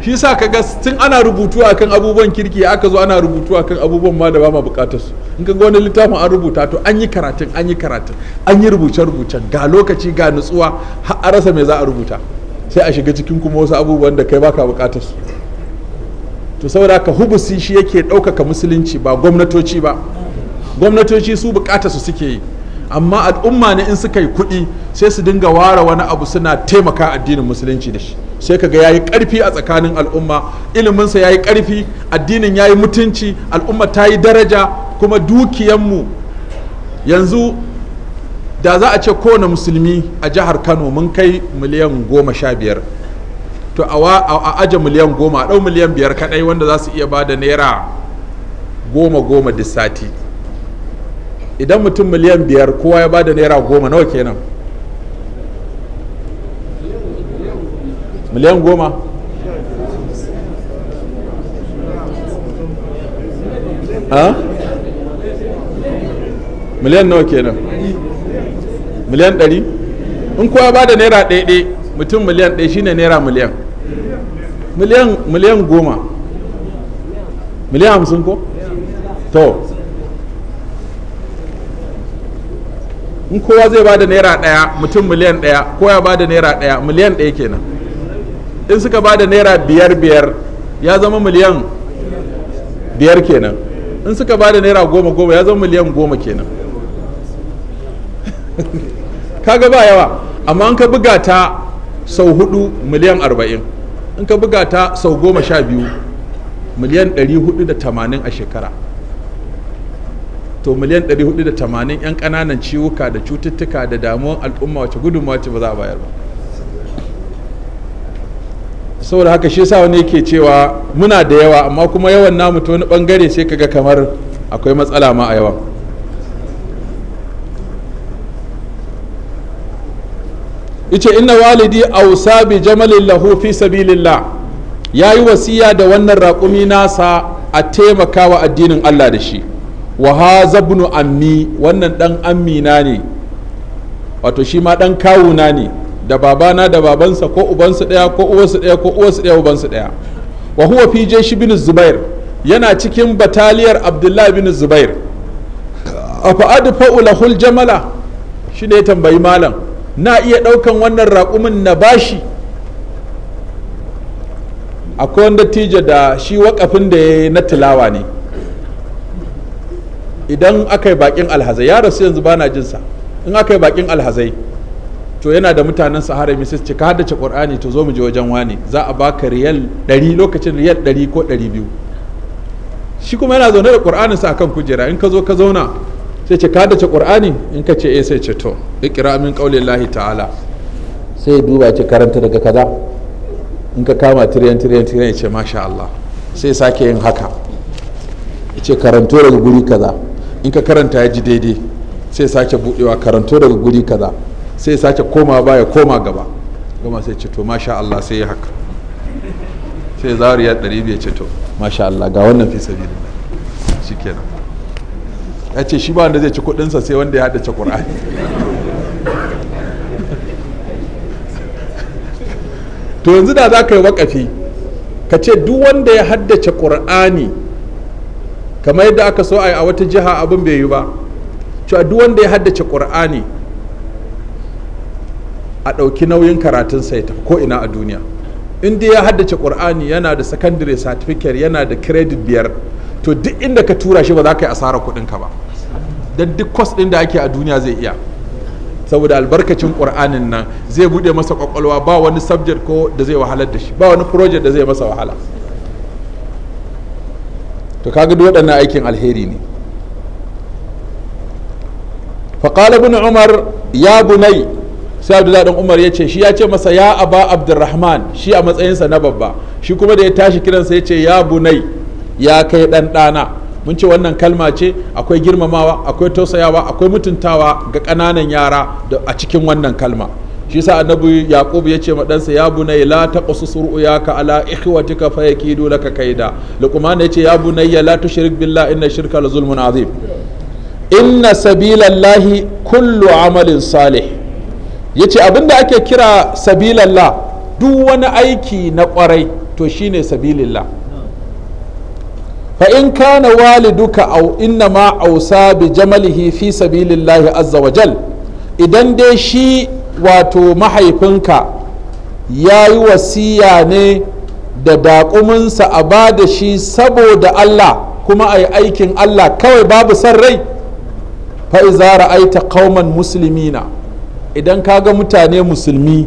S1: shi sa ka ga tun ana rubutu akan abubuwan kirki aka zo ana rubutu akan abubuwan ma da ba ma bukatar su in ka ga wani littafin an rubuta to an yi karatun an yi karatun an yi rubuce rubucen ga lokaci ga nutsuwa har a rasa me za a rubuta sai a shiga cikin kuma wasu abubuwan da kai baka bukatar su to saboda haka hubusi shi yake ɗaukaka musulunci ba gwamnatoci ba gwamnatoci su bukata su suke yi amma al'umma ne in suka yi kuɗi sai su dinga ware wani abu suna taimaka addinin musulunci da shi sai kaga yayi karfi a tsakanin al'umma iliminsa yayi karfi addinin yayi mutunci al'umma ta yi daraja kuma dukiyanmu yanzu da za a ce kowane musulmi a jihar kano mun kai miliyan goma sha biyar to a aje miliyan goma a ɗau miliyan biyar kaɗai wanda za su iya ba da naira goma goma da sati idan mutum miliyan biyar kowa ya bada naira goma nawa kenan miliyan goma ha miliyan nawa kenan miliyan ɗari in kowa ya bada naira ɗaiɗe mutum miliyan ɗaya shine naira miliyan miliyan goma miliyan hamsin ko to in kowa zai bada naira ɗaya mutum miliyan ɗaya ko ya bada naira ɗaya miliyan ɗaya kenan in suka bada naira biyar biyar ya zama miliyan biyar kenan in suka bada naira goma goma ya zama miliyan goma kenan [laughs] kaga ba yawa amma an ka buga ta sau hudu miliyan arba'in in ka buga ta sau goma sha biyu miliyan ɗari hudu da tamanin a shekara to miliyan 480 'yan kananan ciwuka da cututtuka da damuwan al'umma wace gudunmawa ce ba za a bayar ba saboda haka shi sa wani yake cewa muna da yawa amma kuma yawan namu ta wani bangare sai kaga kamar akwai matsala ma a yawan ice inna walidi ausa bi jamalin lahu fi sabilillah ya yi wasiya da wannan raƙumi nasa a taimakawa addinin allah da shi wa haza ibnu ammi wannan dan ammina ne wato shi ma dan kawuna ne da babana da babansa ko ubansu daya ko uwarsu daya ko uwarsu daya ubansu daya wa huwa fi jaysh ibn zubair yana cikin bataliyar abdullahi bin zubair afa ula lahul jamala shi ne tambayi malam na iya daukan wannan raƙumin na bashi akwai wanda tija da shi wakafin da ya na tilawa ne idan aka yi bakin alhazai ya rasu yanzu bana jin sa in aka yi bakin alhazai to yana da mutanen sahara mai sai cika haddace qur'ani to zo mu je wajen wani za a baka riyal 100 lokacin riyal 100 ko 200 shi kuma yana zaune da qur'anin sa akan kujera in ka zo ka zauna sai cika ka haddace qur'ani in ka ce eh sai ce to iqra min qawli llahi ta'ala sai duba ce karanta daga kaza in ka kama tiriyan tiriyan tiryan ya ce masha Allah sai sake yin haka ya ce karanto daga guri kaza in ka karanta ya ji daidai sai sake budewa karanto daga guri kaza sai sake koma baya koma gaba goma sai ce to masha Allah sai ya haka sai zariya ɗari bai ce to masha Allah ga wannan fi sabi shi kenan ya ce shi ba wanda zai ci kuɗinsa sai wanda ya haɗa ci ƙur'ani [laughs] to yanzu da za ka yi wakafi ka ce duk wanda ya haddace ƙur'ani kamar yadda aka so a a wata jiha abin bai yi ba cewa duk wanda ya haddace ƙur'ani a ɗauki nauyin karatun sai tafi ko ina a duniya inda ya haddace ƙur'ani yana da secondary certificate yana da credit biyar to duk inda ka tura shi ba za ka yi asara kuɗinka ba don duk kwas ɗin da ake a duniya zai iya saboda albarkacin ƙur'anin nan zai buɗe masa ƙwaƙwalwa ba wani subject ko da zai wahalar da shi ba wani project da zai masa wahala to kaga duk waɗannan aikin alheri ne faƙala ibn umar ya bunai sai abdullahi dan umar ya ce shi ya ce masa ya aba abdurrahman shi a matsayinsa na babba shi kuma da ya tashi kiransa ya ce ya bunai ya kai ɗan ɗana mun ce wannan kalma ce akwai girmamawa akwai tausayawa akwai mutuntawa ga ƙananan yara a cikin wannan kalma shi sa annabi yaqub ya ce madansa ya bunay la taqsus ru'yaka ala ikhwatika fayakidu laka kaida luqman ya ce ya bunay la tushrik billahi inna shirka la zulmun azim inna sabilallahi kullu amalin salih yace abinda ake kira sabilallah duk wani aiki na kwarai to shine sabilillah fa in kana waliduka au inna ma ausa bi jamalihi fi sabilillahi azza wajal idan dai shi wato mahaifinka ya yi wasiya ne da daƙuminsa a ba da shi saboda Allah kuma a yi aikin Allah kawai babu son rai fa'iza ra'aita kauman musulmina idan ka ga mutane musulmi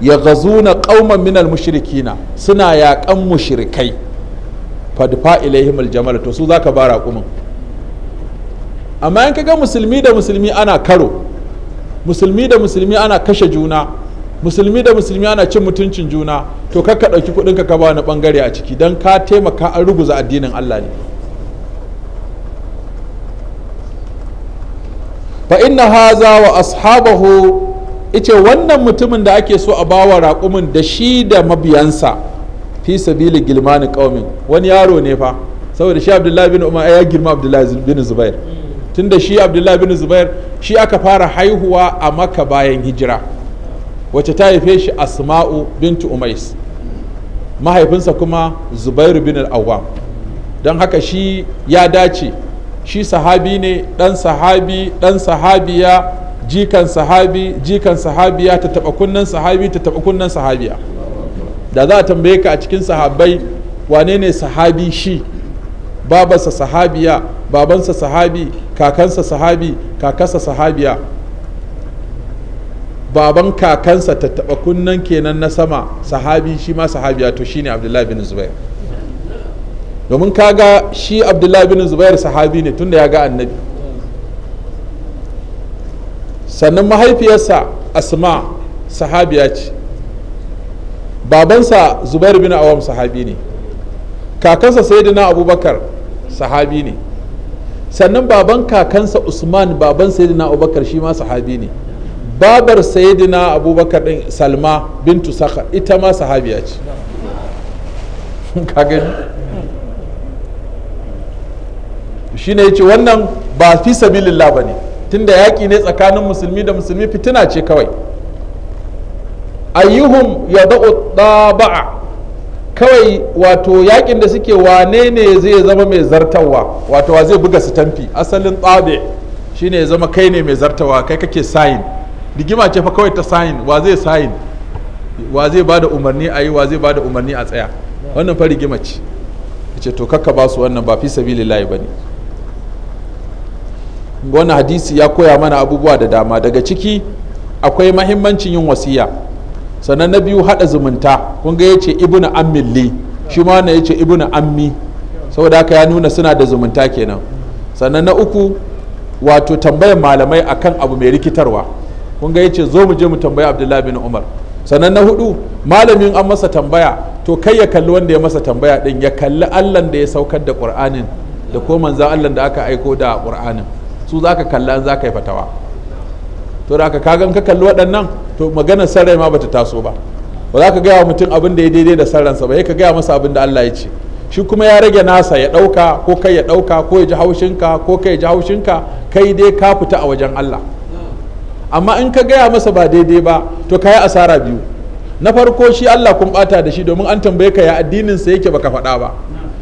S1: ya gazuna kauman minal mushrikina suna yaƙan mushrikai fadfa ilaihim aljamal to su zaka ba raƙumin amma in ka ga musulmi da musulmi ana karo musulmi da musulmi ana kashe juna musulmi da musulmi ana cin mutuncin juna to kakka ɗauki kuɗin ka ba wani ɓangare a ciki don ka taimaka an ruguza addinin Allah ne fa inna haza wa ashabahu ice wannan mutumin da ake so a bawa raƙumin da shi da mabiyansa fi sabili gilmani ƙaumin wani yaro ne fa saboda shi abdullahi bin umar ya girma abdullahi bin zubair tunda shi abdullahi bin zubair shi aka fara haihuwa a maka bayan hijira wacce ta haife shi asma'u bintu umais mahaifinsa kuma zubair bin al don haka shi ya dace shi sahabi ne dan sahabi dan sahabiya jikan sahabi jikan sahabiya ta taba kunnan sahabi ta taba kunnan sahabiya da za a tambaye ka a cikin sahabai wane ne sahabi shi babarsa sahabiya babansa sahabi kakansa sahabi kakasa sahabiya baban kakansa taba kunnan kenan na sama sahabi shi ma sahabiya to shi ne abdullahi bin zubair domin kaga shi abdullahi bin zubair sahabi ne tunda ya ga annabi sannan mahaifiyarsa asma sahabiya ce babansa zubair bin awam sahabi ne kakansa sayyidina abubakar sahabi ne sannan baban kakansa usman baban sayyidina abubakar shi ma sahabi ne babar sayyidina abubakar din salma bintu saka ita ma sahabiya ce shi ne ce wannan ba fi sabilillah ba ne tunda yaƙi ne tsakanin musulmi da musulmi fitina ce kawai ayyuhun ya da'u ɗaba'a kawai wato yakin da suke wane ne zai zama mai zartawa wato wa zai buga su tamfi asalin tsabe shine ya zama kai ne mai zartawa kai kake sayin rigima ce fa kawai ta sayin wa zai sayin wa zai bada umarni a yi wa zai bada umarni a tsaya wannan fa rigima ce ce to kakka ba su wannan ba fi ba ne. wannan hadisi ya koya mana abubuwa da dama daga ciki akwai mahimmancin yin wasiya sannan na biyu hada zumunta kun ga yace ibnu ammilli shi ma wannan yace ibnu ammi saboda haka ya nuna suna da zumunta kenan sannan na uku wato tambayar malamai akan abu mai rikitarwa kun ga yace zo mu je mu tambayi abdullahi bin umar sannan na hudu malamin an masa tambaya to kai ya kalli wanda ya masa tambaya din ya kalli allan da ya saukar da qur'anin da ko manzan allan da aka aiko da qur'anin su zaka kalla an zaka yi fatawa to da ka kagan ka kalli waɗannan to magana sarai ma bata taso ba ba za ka gaya mutum abin da ya daidai da sarransa ba ya ka gaya masa abin da Allah ya ce shi kuma ya rage nasa ya ɗauka ko kai ya ɗauka ko ya ji haushinka ko kai ya ji haushinka kai dai ka fita a wajen Allah amma in ka gaya masa ba daidai ba to ka yi asara biyu na farko shi Allah kun bata da shi domin an tambaye ka ya addininsa yake baka faɗa ba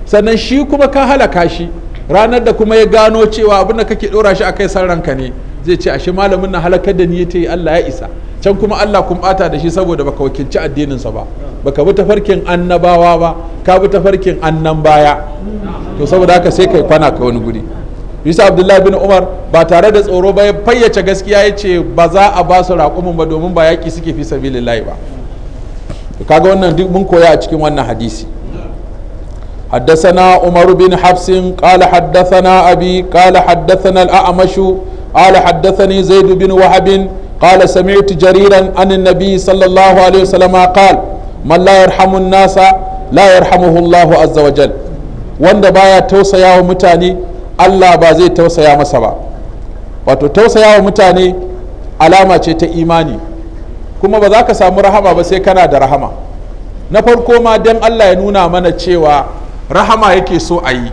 S1: sannan shi kuma ka halaka shi ranar da kuma ya gano cewa abin da kake ɗora shi a kai san ne zai ce ashe malamin na halakar da niyyar ta yi Allah ya isa can kuma Allah kun bata da shi saboda baka wakilci addininsa ba baka bi tafarkin annabawa ba ka bi tafarkin annan baya to saboda haka sai kai kwana ka wani guri bisa abdullahi bin umar ba tare da tsoro ba ya fayyace gaskiya ya ce ba za a ba su raƙumin ba domin ba yaƙi suke fi sabilillahi ba kaga wannan duk mun koya a cikin wannan hadisi حدثنا عمر بن حفص قال حدثنا أبي قال حدثنا الأعمش قال حدثني زيد بن وهب قال سمعت جريرا عن النبي صلى الله عليه wanda baya tausaya wa mutane Allah ba zai tausaya masa ba wato tausaya wa mutane alama ce ta imani kuma ba za ka samu rahama ba sai kana da rahama na farko ma don Allah ya nuna mana cewa rahama yake so a yi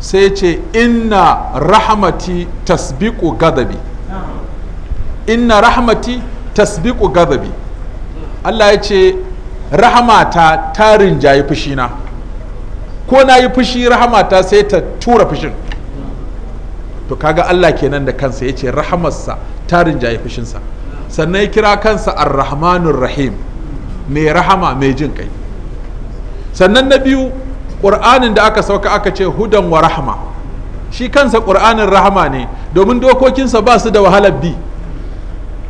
S1: sai ce inna rahmati tasbiqu gadabi inna rahmati tasbiqu gadabi Allah ya ce rahamata ta rinjayi fushina ko na yi fushi rahamata sai ta tura fushin to kaga Allah kenan da kansa ya ce rahamarsa ta rinjayi fushinsa sannan ya kira kansa ar-rahmanur rahim mai rahama mai jin kai sannan na biyu ƙur'anin da aka sauka aka ce hudan wa rahma shi kansa ƙur'anin rahama ne domin dokokinsa ba su da wahalar bi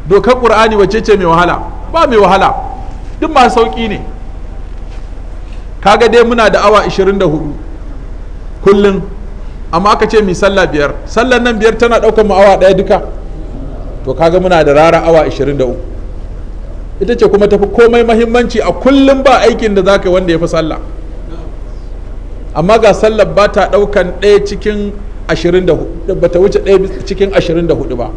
S1: dokar ƙur'ani wacce ce mai wahala ba mai wahala duk ma sauƙi ne kaga dai muna da awa 24 kullum amma aka ce mi sallah biyar sallan nan biyar tana ɗaukar mu awa ɗaya duka to kaga muna da rara awa 23 ita ce kuma tafi komai mahimmanci a kullum ba aikin da zaka wanda ya fi sallah amma ga sallar ba ta ɗaukan ɗaya cikin ashirin da hudu ba ta wuce ɗaya cikin ashirin da hudu ba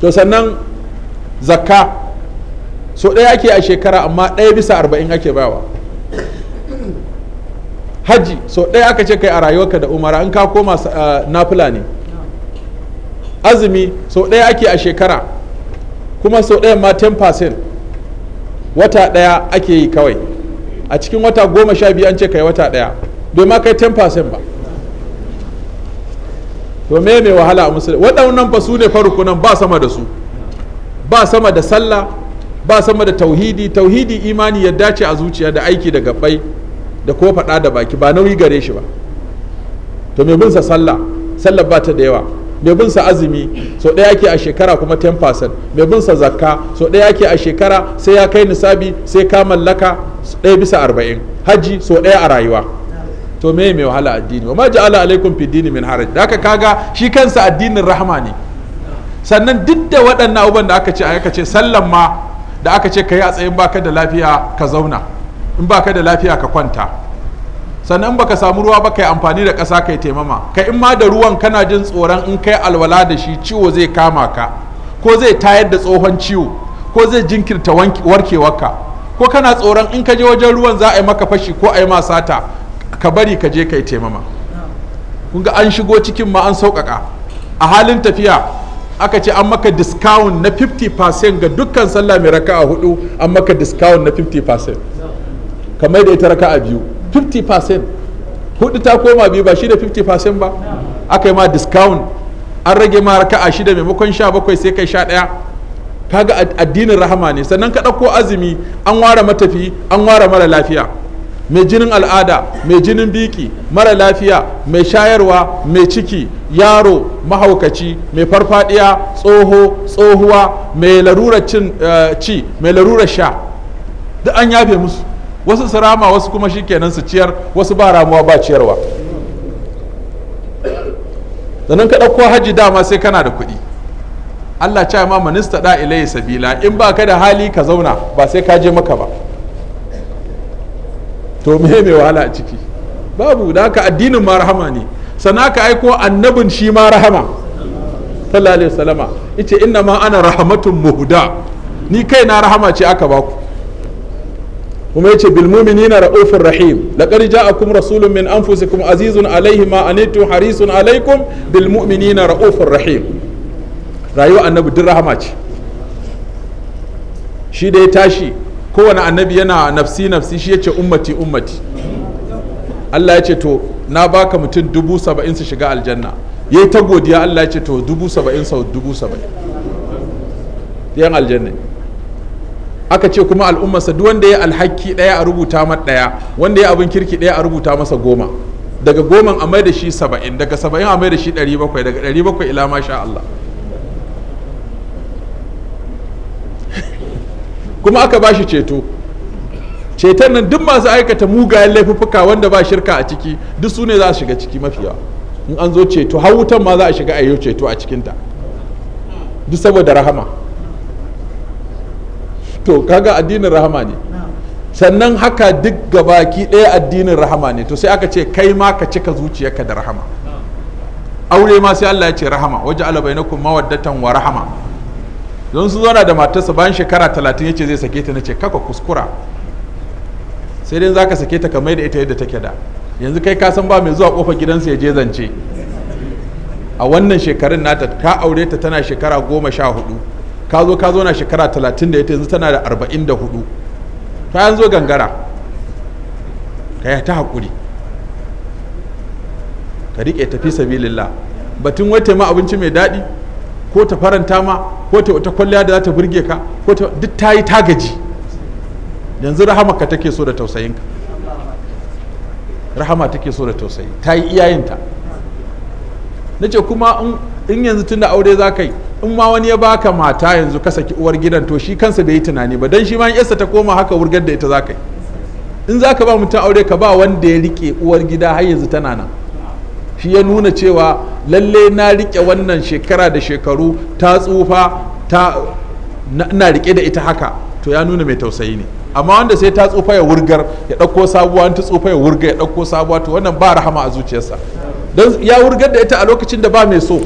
S1: to sannan zakka so ɗaya ake a shekara amma ɗaya bisa arba'in ake bawa hajji so ɗaya aka ce kai a rayuwarka da umara in ka koma nafila ne azumi so ɗaya ake a shekara kuma so ɗaya ma 10% wata ɗaya ake yi kawai a cikin wata goma sha biyu an ce kai wata ɗaya domin kai 10% ba to me mai wahala a musulmi waɗannan fa su ne farukunan ba sama da su ba sama da sallah ba sama da tauhidi tauhidi imani ya dace a zuciya da aiki da gabbai da ko faɗa da baki ba nauyi gare shi ba to mai bin sa sallah sallah ba ta da yawa mai bin sa azumi so ɗaya ake a shekara kuma 10% mai bin sa zakka so ɗaya ke a shekara sai ya kai nisabi sai ka mallaka ɗaya bisa arba'in hajji so ɗaya a rayuwa to me mai wahala addini wa ma ja'ala alaikum fi dini min haraj haka kaga shi kansa addinin rahama ne sannan duk da waɗannan abubuwan da aka ce aka ce sallan ma da aka ce ka yi a tsayin baka da lafiya ka zauna in baka da lafiya ka kwanta sannan baka samu ruwa ba kai amfani da ƙasa kai taimama ka in ma da ruwan kana jin tsoron in kai alwala da shi ciwo zai kama ka ko zai tayar da tsohon ciwo ko zai jinkirta warkewarka ko kana tsoron in ka je wajen ruwan za a yi maka fashi ko a yi ma sata ka bari ka je kai taimama kun ga an shigo cikin ma an sauƙaƙa a halin tafiya aka ce an maka discount na 50% ga dukkan sallah mai raka'a hudu an maka discount na 50% kamar da ita raka'a biyu 50% hudu ta koma biyu ba shi da 50% ba aka yi ma discount an rage ma a shida maimakon sha bakwai sai kai sha ɗaya ga addinin rahama ne sannan ka ɗauko azumi an ware matafi an ware mara lafiya mai jinin al'ada mai jinin biki mara lafiya mai shayarwa mai ciki yaro mahaukaci mai farfadiya tsoho tsohuwa mai larurar eh, ci mai larurar sha duk an yafe musu wasu su rama wasu kuma shi shikenan su ciyar wasu ba ramuwa ba ciyarwa sannan ka ɗauko hajji dama sai kana da kuɗi allah ce ma minista da ilai sabila in ba ka da hali ka zauna ba sai ka je maka ba to me mai wahala a ciki babu da haka addinin ma rahama ne sana ka aiko annabin shi ma rahama sallallahu alaihi wasallama yace inna ma ana rahamatun muhda ni kai na rahama ce aka baku kuma yace bil mu'minina raufur rahim laqad ja'akum rasulun min anfusikum azizun alayhi ma anitu harisun alaykum bil mu'minina raufur rahim rayuwa annabi din rahama ce shi da ya tashi kowane annabi yana nafsi nafsi shi yace ummati ummati Allah ya ce to na baka mutum dubu saba'in su shiga aljanna ya yi ta godiya Allah ya ce to dubu saba'in sau dubu saba'in yan aljanna aka ce kuma al'ummarsa duk wanda ya alhaki daya a rubuta masa daya wanda ya abin kirki daya a rubuta masa goma daga goman a mai da shi saba'in daga saba'in a mai da shi ɗari bakwai daga ɗari bakwai ila masha Allah [laughs] kuma aka ba shi ceto ceton nan duk masu aikata mugayen laifuffuka wanda ba shirka a ciki duk su ne za su shiga ciki mafiya in an zo ceto har wutan ma za a shiga a yi ceto a cikinta duk saboda rahama to kaga addinin rahama ne sannan haka duk gabaki ɗaya addinin rahama ne to sai aka ce kai ma ka cika zuciyarka da rahama aure ma sai Allah ya ce rahama waje kuma mawaddatan wa rahama don su zauna da matarsa bayan shekara talatin yace zai sake ta na ce kaka kuskura sai dai zaka sake ta kamar da ita yadda take da yanzu kai ka san ba mai zuwa kofar gidansa ya je zance a wannan shekarun nata ka aure ta tana shekara goma sha hudu ka zo ka zo na shekara ta yanzu tana da 44 ta yanzu zo gangara ka yi ta haƙuri ka riƙe tafi sabilillah batun wata ma abinci mai daɗi ko ta faranta ma ko ta wata kwalliya da za ta burge ka ko ta duk ta yi ta gaji yanzu rahama ka take so da tausayin ka rahama take so da tausayi ta yi iyayenta na ce kuma in yanzu tun da aure za ka yi in ma wani ya baka mata yanzu ka saki uwar gidan to shi kansa bai yi tunani ba dan shi ma yasa ta koma haka wurgar da ita zaka yi in zaka ba mutum aure ka ba wanda ya rike uwar gida har yanzu tana nan shi ya nuna cewa lalle na rike wannan shekara da shekaru ta tsufa ta na rike da ita haka to ya nuna mai tausayi ne amma wanda sai ta tsufa ya wurgar ya ɗauko sabuwa ta tsufa ya wurgar ya ɗauko sabuwa to wannan ba rahama a zuciyarsa don ya wurgar da ita a lokacin da ba mai so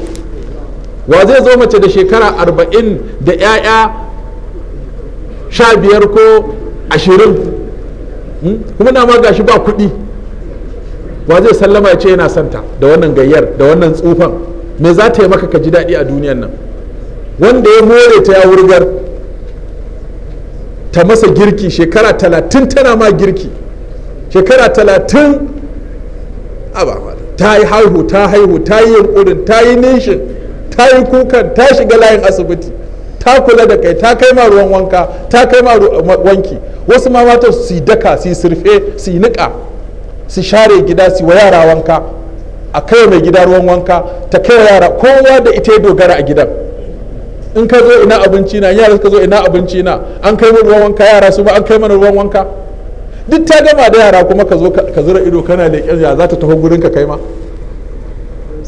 S1: wa zai zo mace da shekara arba'in da 'ya'ya sha biyar ko ashirin hmm? kuma na ma gashi ba kuɗi wa zai sallama ya ce yana santa da wannan gayyar da wannan tsufan me za ta yi maka ka ji daɗi a duniyan nan wanda ya more ta ya wurgar ta masa girki shekara talatin tana ma girki shekara talatin ta yi haihu ta haihu ta yi yankurin ta yi nishin ta yi kukan ta shiga layin asibiti ta kula da kai ta kai ma ruwan wanka ta kai ma wanki wasu ma matan su daka su surfe su niƙa su share gida su wa yara wanka a kai mai gida ruwan wanka ta kai yara kowa da ita ya dogara a gidan in ka zo ina abinci na yara suka zo ina abinci na an kai mu ruwan wanka yara su ba an kai mana ruwan wanka duk ta gama da yara kuma ka zo ka zura ido kana leƙen ya za ta taho gurin ka kai ma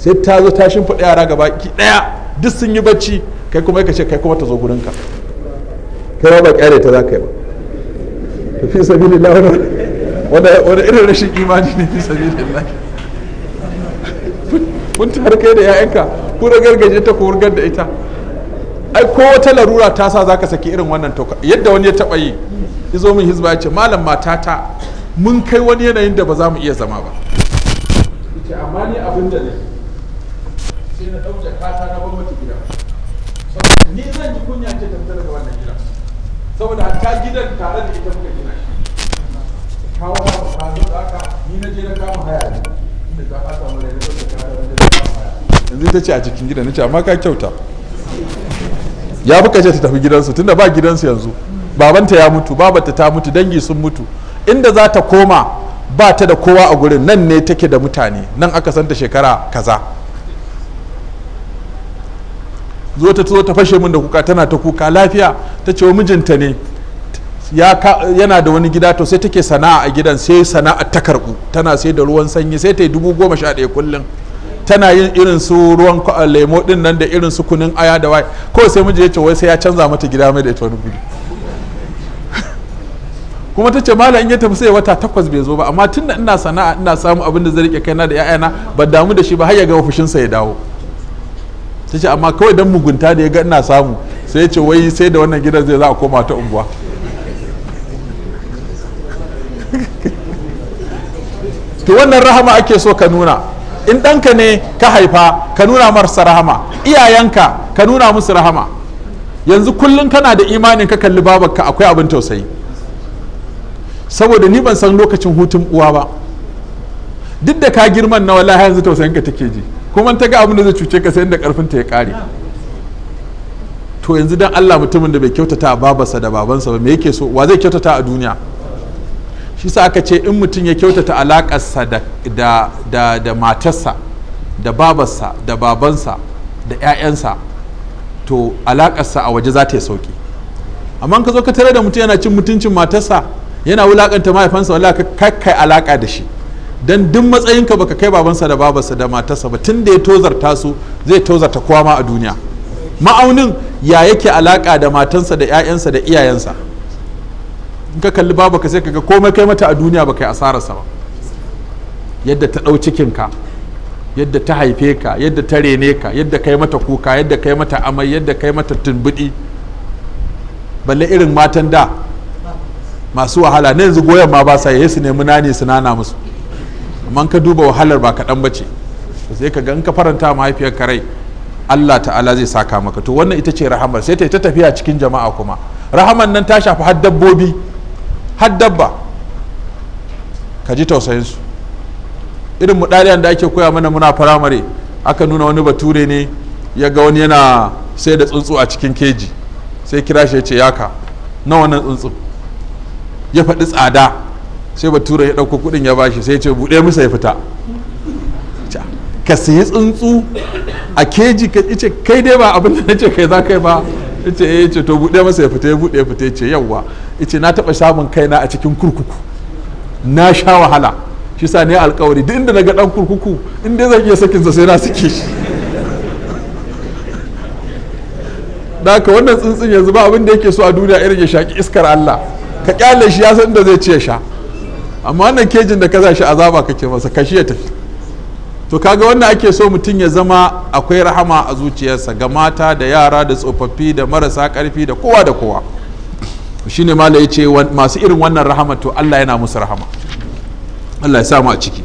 S1: sai ta zo ta shimfiɗa yara gaba ki ɗaya duk sun yi bacci kai kuma ka ce kai kuma ta zo gurinka kai ba kyale ta za ka yi ba fi lawa wani irin rashin imani ne fi lawa kun ta kai da 'ya'yanka kuna gargaje ta kurgar da ita ai ko wata larura ta sa ka saki irin wannan toka yadda wani ya taɓa yi izo min hizba ya ce malam matata mun kai wani yanayin da ba za mu iya zama ba amma ni abin da ne fata na gwamnati gida ni zan ji kunya ce ta fita daga wannan gidan saboda hatta gidan tare da ita muka gina shi kawo ta mu ta zo haka ni na je na kama haya ne inda ta fata mu rai da ta da ta kama haya yanzu ita ce a cikin gidan ce amma ka kyauta ya buka ce ta tafi gidansu tunda ba gidansu yanzu babanta ya mutu babanta ta mutu dangi sun mutu inda za ta koma ba ta da kowa a gurin nan ne take da mutane nan aka santa shekara kaza zo ta zo ta fashe min da kuka tana ta kuka lafiya ta ce wa mijinta ne yana da wani gida to sai take sana'a a gidan sai sana'a ta karbu tana sai da ruwan sanyi sai ta yi dubu goma sha ɗaya kullum tana yin irin su ruwan lemo din nan da irin su kunun aya da wai ko sai miji ya ce wai sai ya canza mata gida mai da ita wani guri [laughs] kuma ta ce malam ya tafi sai wata takwas bai zo ba amma tunda ina sana'a ina samu abin da zai rike kaina da 'ya'yana ba damu da shi ba har ya ga fushinsa ya dawo ta ce amma kawai dan mugunta da ya ga ina samu sai ce wai sai da wannan gidan zai za a koma ta unguwa [laughs] to wannan rahama ake so ka nuna in ɗanka ne ka haifa ka nuna marsa rahama iyayenka ka nuna musu rahama yanzu kullum kana da imanin ka kalli babarka akwai abin tausayi saboda ni ban san lokacin hutun uwa ba duk da ka girman na wallahi yanzu tausayin ka take ji kuma ta ga abin da zai cuce ka sai inda karfinta ya kare to yanzu dan Allah mutumin da bai kyautata a babarsa da babansa ba me yake so wa zai kyautata a duniya shi sa aka ce in mutum ya kyautata alakarsa da da da da matarsa da babarsa da babansa da ƴaƴansa to alakarsa a waje za ta yi sauki amma ka zo ka tare da mutum yana cin mutuncin matarsa yana wulakanta mahaifansa wallahi ka kai alaka da shi dan duk matsayinka baka kai babansa da babarsa da matarsa ba tun da ya tozarta su zai tozarta kowa ma a duniya ma'aunin ya yake alaka da matansa da 'ya'yansa da iyayensa in ka kalli babu ka sai kaga komai kai mata a duniya ba kai asararsa ba yadda ta ɗau ka yadda ta haife ka yadda ta rene ka yadda kai mata kuka yadda kai mata amai yadda kai mata tumbuɗi balle irin matan da masu wahala na yanzu goyon ma ba sa yi su nemi nani su nana musu amma ka duba wahalar ba kaɗan ba ce sai ka ga in ka faranta mahaifiyar ka rai Allah ta'ala zai saka maka to wannan ita ce rahamar sai ta ta tafiya cikin jama'a kuma rahamar nan ta shafi har dabbobi har dabba ka ji tausayin su irin ɗariyan da ake koya mana muna firamare aka nuna wani bature ne ya ga wani yana sai da tsuntsu a cikin keji sai kira shi ya ce yaka na wannan tsuntsu ya faɗi tsada sai bature ya ɗauko kuɗin ya bashi sai ya ce buɗe musa ya fita ka sayi tsuntsu a keji ka ce kai dai ba abin da nace kai za kai ba ce eh, ya ce to buɗe masa ya fita ya buɗe ya fita ya ce yawwa ce na taɓa samun kaina a cikin kurkuku na sha wahala shi sa ne alkawari duk inda na ga ɗan kurkuku inda zan iya sakin sa sai na suke shi da ka wannan tsuntsun yanzu ba abin da yake so a duniya irin ya shaki iskar Allah ka kyale shi ya san da zai ce sha amma wannan kejin da ka za shi azaba kake masa kashi ya tafi to kaga wannan ake so mutum ya zama akwai rahama a zuciyarsa ga mata da yara da tsofaffi da marasa karfi da kowa da kowa shine mala ya ce masu irin wannan rahama to Allah yana musu rahama Allah ya sa mu a ciki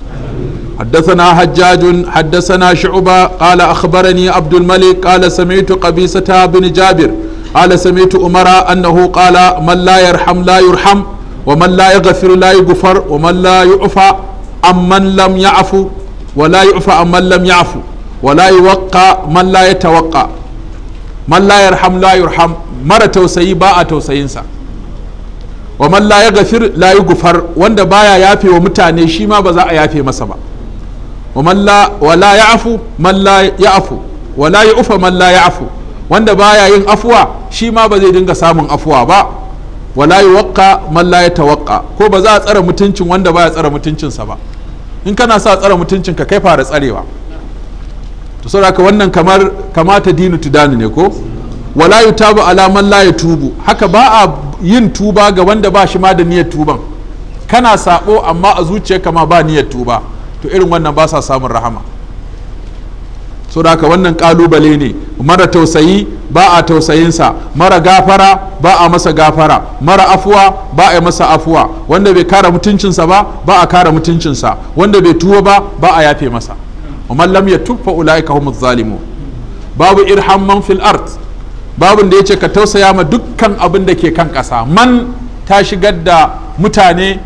S1: حدثنا حجاج حدثنا شعبة قال أخبرني عبد الملك قال سمعت قبيسة بن جابر قال سمعت أمرا أنه قال من لا يرحم لا يرحم wa man la yaghfir la wa man la yu'fa amman lam ya'fu wa la yu'fa amman lam ya'fu wa la yuwaqqa man la yatawaqqa man la yarham la mara tausayi ba a tausayinsa wa man la yaghfir la yughfar wanda baya yafe wa mutane shi ma ba za a yafe masa ba wa man la wa la ya'fu wanda baya yin afuwa shi ma ba zai dinga samun afuwa ba wala waƙa man la yatawaqqa ko ba za a tsare mutuncin wanda ba ya tsare mutuncinsa ba in kana sa tsare ka kai fara tsarewa to saboda wannan kamar kamata dinu tudani ne ko wala tabu ala man la tubu haka ba a yin tuba ga wanda ba shi ma da niyyar tuban kana sabo amma a zuciya kama ba niyyar tuba to irin wannan ba sa samun rahama so da haka wannan kalubale ne mara tausayi ba a tausayinsa mara gafara ba a masa gafara mara afuwa ba a masa afuwa wanda bai kara mutuncinsa ba ba a kara mutuncinsa wanda bai tuwo ba ba a yafe masa umar lam ya tuffa ula'ika humus zalimu babu irham man fil art babin da ya ce ka tausaya ma dukkan abin da ke kan ƙasa man ta shigar da mutane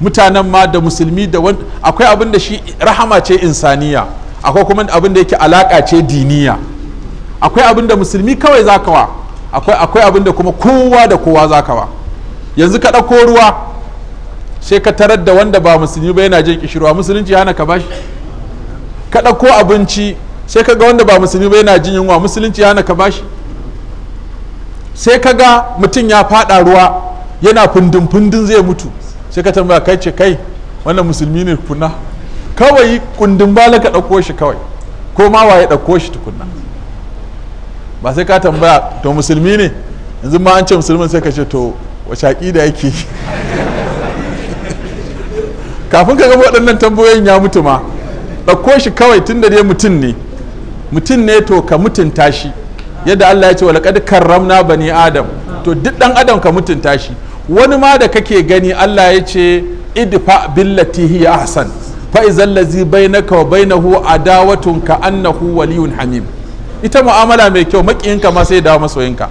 S1: mutanen ma da musulmi da akwai abin da shi rahama ce insaniya akwai kuma abin da yake alaka ce diniya akwai abin da musulmi kawai zaka wa akwai akwai abin da kuma kowa da kowa zaka wa yanzu ka ɗauko ruwa sai ka tarar da wanda ba musulmi ba yana jin kishirwa musulunci hana ka bashi ka ɗauko abinci sai ka ga wanda ba musulmi ba yana jin yunwa musulunci hana ka bashi sai ka ga mutum ya fada ruwa yana fundin fundin zai mutu sai ka tambaya kai ce kai wannan musulmi ne kuna kawai kundin bala ka ɗauko shi kawai ko ma waye ɗauko shi tukunna ba sai ka tambaya to musulmi ne yanzu ma an ce musulmin sai ka ce to wace aƙida yake [laughs] kafin ka gama waɗannan tambayoyin ya mutu ma ɗauko shi kawai tun da dai mutum ne mutum ne to ka mutunta shi yadda Allah ya ce walaƙad karramna bani adam to duk dan adam ka mutunta shi wani ma da kake gani Allah ya ce idfa billati hiya ahsan fa'izan lazi bai na kawo bai na hu a dawatun ka an na hu waliyun hamim ita mu'amala mai kyau makiyinka ma sai dawo masoyinka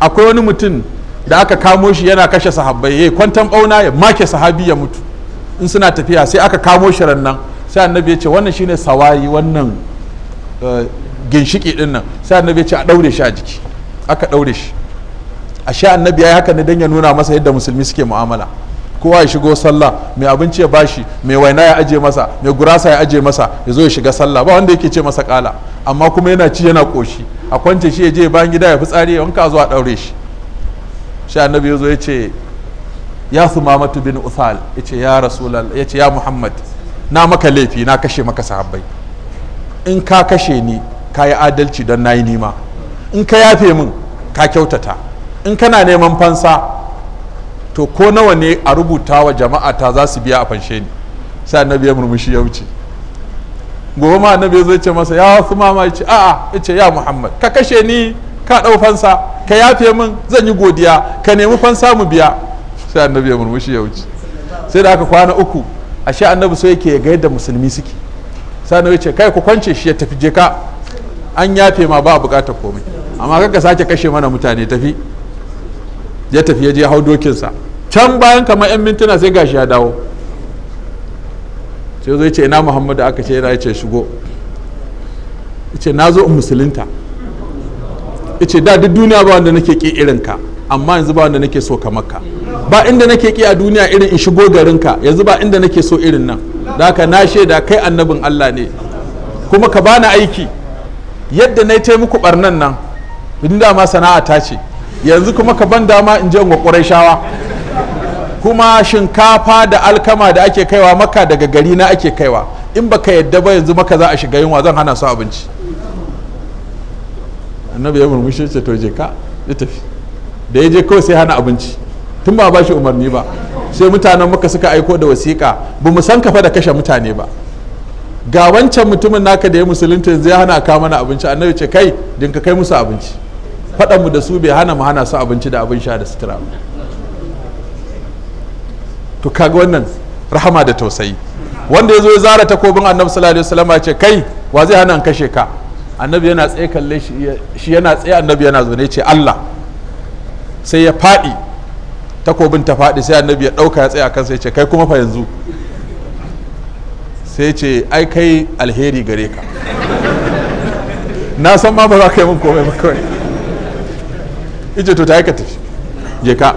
S1: akwai wani mutum da aka kamo shi yana kashe sahabbai ya kwantan bauna ya make sahabi ya mutu in suna tafiya sai aka kamo shi rannan sai annabi ya ce wannan shine sawayi wannan eh, ginshiki din nan sai annabi ya ce a daure shi a jiki aka daure shi a ashe annabi ya haka ne don ya nuna masa yadda musulmi suke mu'amala kowa ya shigo sallah mai abinci ya bashi mai waina ya aje masa mai gurasa ya aje masa ya zo ya shiga sallah ba wanda yake ce masa kala amma kuma yana ci yana koshi a kwance shi ya je bayan gida ya fitsari ya wanka zuwa daure shi shi annabi ya zo ya ce ya mamatu bin usal ya ce ya rasulal ya ce ya muhammad na maka laifi na kashe maka sahabbai in ka kashe ni ka yi adalci don na yi nima in ka yafe min ka kyautata in kana neman fansa to ko nawa ne a rubuta wa jama'a ta za su biya a fanshe ni sai annabi ya murmushi ya wuce gobe ma annabi zai ce masa ya wasu mama ya ce a'a ya ce ya muhammad ka kashe ni ka ɗau fansa ka yafe min zan yi godiya ka nemi fansa mu biya sai annabi ya murmushi ya wuce sai da aka kwana uku ashe annabi so yake ga yadda musulmi suke sai annabi ce kai ku kwance shi ya tafi je ka an yafe ma ba a bukatar komai amma kaka sake kashe mana mutane tafi ya tafi ya je hau dokinsa can bayan kamar 'yan mintuna sai gashi ya dawo sai zo ce ina muhammadu aka ce yana ce shigo ce na zo in musulunta ce da duk duniya ba wanda nake ki irinka amma yanzu ba wanda nake so ka maka ba inda nake ki a duniya irin in shigo garinka yanzu ba inda nake so irin nan da haka na shaida kai annabin allah ne kuma ka bani aiki yadda na yi taimako barnan nan inda ma sana'a ta ce yanzu kuma ka ban dama in je in wa shawa kuma shinkafa da alkama da ake kaiwa maka daga gari na ake kaiwa in ba ka yadda ba yanzu maka za a shiga yunwa zan hana su abinci annabi ya murmushi ce to je ka ya tafi da ya je kawai sai hana abinci tun ba bashi umarni ba sai mutanen maka suka aiko da wasiƙa ba mu san kafa da kashe mutane ba ga wancan mutumin naka da ya musulunta ya hana ka mana abinci annabi ce kai dinka kai musu abinci mu da su bai hana mu hana su abinci da abin sha da sutura to kaga wannan rahama da tausayi wanda ya zo ya zara takobin annabi sallallahu alaihi wasallam ce kai wa zai hana kashe ka annabi yana tsaye kalle shi yana tsaye annabi yana zo ne ce Allah sai ya faɗi takobin ta faɗi sai annabi ya ɗauka ya tsaye a kansa ya ce kai kuma fa yanzu sai ce ai kai alheri gare ka [laughs] na san ma ba za ka yi min komai ba kawai ije to ta ka tafi je ka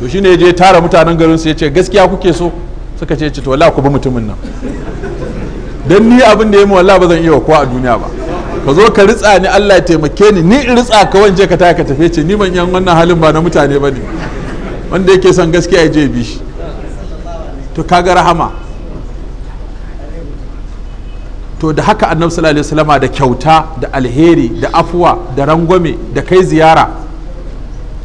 S1: to shine ya je tara mutanen garin su ya ce gaskiya kuke so suka ce to wallahi ku bi mutumin nan dan ni abin da ya mu wallahi ba zan iya wa kowa a duniya ba ka zo ka ritsa ni Allah ya taimake ni ni ritsa ka wanje ka yi ka tafi ce ni ban yan wannan halin ba na mutane ne wanda yake son gaskiya ya je bi shi to ga rahama to da haka annabi sallallahu alaihi wasallama da kyauta da alheri da afuwa da rangwame da kai ziyara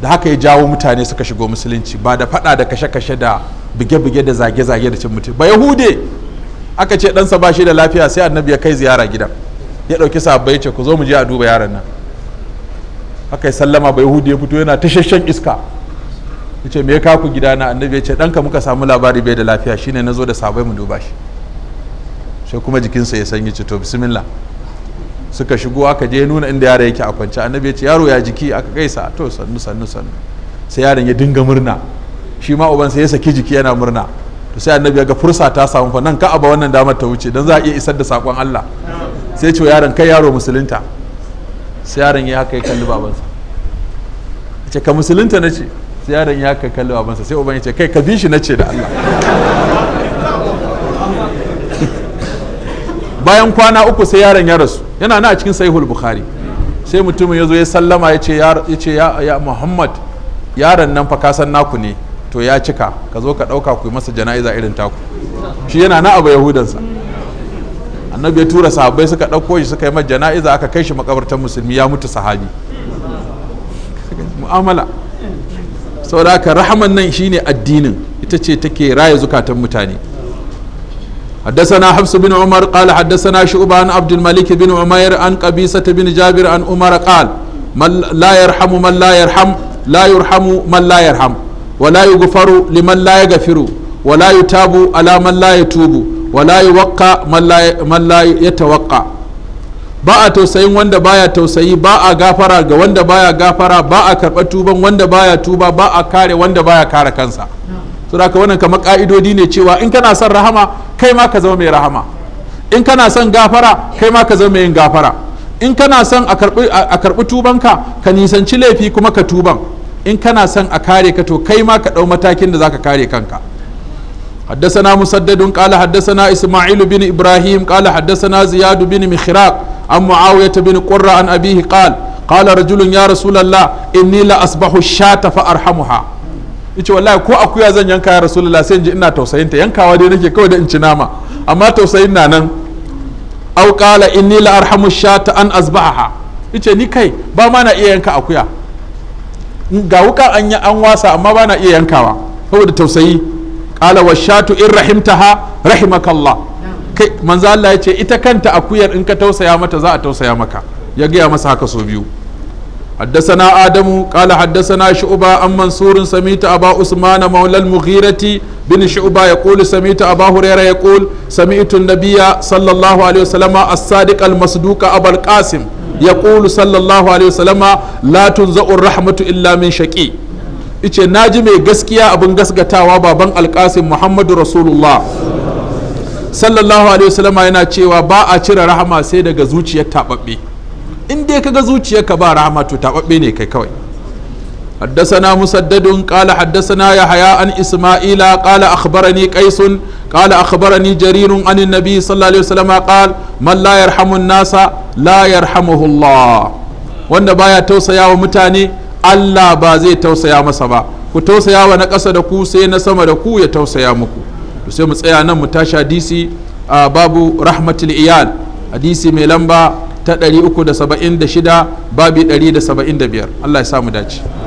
S1: da haka ya jawo mutane suka shigo musulunci ba da fada da kashe-kashe da buge-buge da zage-zage da cin mutum ba yahude aka ce ɗansa ba shi da lafiya sai annabi ya kai ziyara gidan ya ɗauki sabbai ce ku zo mu je a duba yaron nan aka yi sallama ba yahude ya fito yana tashashen iska ya ce me ya kaku gidana annabi ya ce ɗanka muka samu labari bai da lafiya shine na zo da sabai mu duba shi sai kuma jikinsa ya sanyi ce to bismillah suka shigo aka je nuna inda yaro yake a kwance annabi ya ce yaro ya jiki aka gaisa to sannu sannu sannu sai yaron ya dinga murna shi ma uban sai ya saki jiki yana murna to sai annabi ya ga fursa ta samu fa nan ka aba wannan damar ta wuce dan za a iya isar da sakon Allah sai ce yaron kai yaro musulunta sai yaron ya kai kalli babansa ce ka musulunta na ce sai yaron ya kai kalli babansa sai uban ya ce kai ka bi shi na ce da Allah bayan kwana uku sai yaron ya rasu yana na cikin sahihul bukhari sai mutumin ya zo ya sallama ya ce ya ya muhammad yaron nan fa ka san naku ne to ya cika ka zo ka dauka ku masa jana'iza irin taku shi yana na abu yahudansa annabi ya tura sahabbai suka dauko shi suka yi masa jana'iza aka kai shi makabartar musulmi ya mutu sahabi mu'amala saboda haka rahaman nan shine addinin ita ce take raya zukatan mutane حدثنا حفص بن عمر قال حدثنا شعبة عن عبد الملك بن عمير عن قبيصة بن جابر عن عمر قال من لا يرحم من لا يرحم لا يرحم من لا يرحم ولا يغفر لمن لا يغفر ولا يتاب على من لا يتوب ولا يوقع من لا من لا يتوقع ba a tausayin wanda baya tausayi ba a gafara ga wanda baya gafara ba a karɓar tuban wanda baya tuba ba a kare wanda baya kare kansa no. to da wannan kamar ka'idodi ne cewa in kana son rahama kai ma ka zama mai rahama in kana son gafara kai ma ka zama mai yin gafara in kana son a karɓi tubanka ka nisanci laifi kuma ka tuban in kana son a kare ka to kai ma ka ɗau matakin da za ka kare kanka حدثنا مسدد قال حدثنا إسماعيل بن إبراهيم قال حدثنا زياد بن مخراق عن معاوية بن قرة عن rajulun قال قال رجل يا رسول الله إني لأصبح الشاة فأرحمها yace wallahi ko akuya zan yanka ya rasulullah sai inji ina tausayin ta yankawa dai nake kawai da in ci nama amma tausayin na nan au qala inni la arhamu shata an azbaha yace ni kai ba ma na iya yanka akuya ga wuka an an wasa amma ba na iya yankawa saboda tausayi qala washatu in rahimtaha rahimakallah kai manzo Allah yace ita kanta akuyar in ka tausaya mata za a tausaya maka ya gaya masa haka so biyu حدثنا آدم قال حدثنا شعبة عن منصور سميت أبا عثمان مولى المغيرة بن شعبة يقول سميت أبا هريرة يقول سمعت النبي صلى الله عليه وسلم الصادق المصدوق أبا القاسم يقول صلى الله عليه وسلم لا تنزع الرحمة إلا من شقي ice na ji mai gaskiya abin gaskatawa baban alkasin muhammadu rasulullah sallallahu alaihi wasallama yana cewa ba a cire rahama sai daga zuciyar taɓaɓɓe in dai kaga zuciyarka ba rahama to taɓaɓɓe ne kai kawai حدثنا مسدد قال حدثنا يحيى عن اسماعيل قال اخبرني قيس قال اخبرني جرير عن النبي صلى الله عليه وسلم قال من لا يرحم الناس لا يرحمه الله wanda baya tausaya wa mutane Allah ba zai tausaya masa ba ku tausayawa na ƙasa da ku sai na sama da ku ya tausaya muku sai mu tsaya nan mu tashi hadisi a babu rahmatul iyal hadisi mai lamba ta 376 babi 175 Allah ya samu dace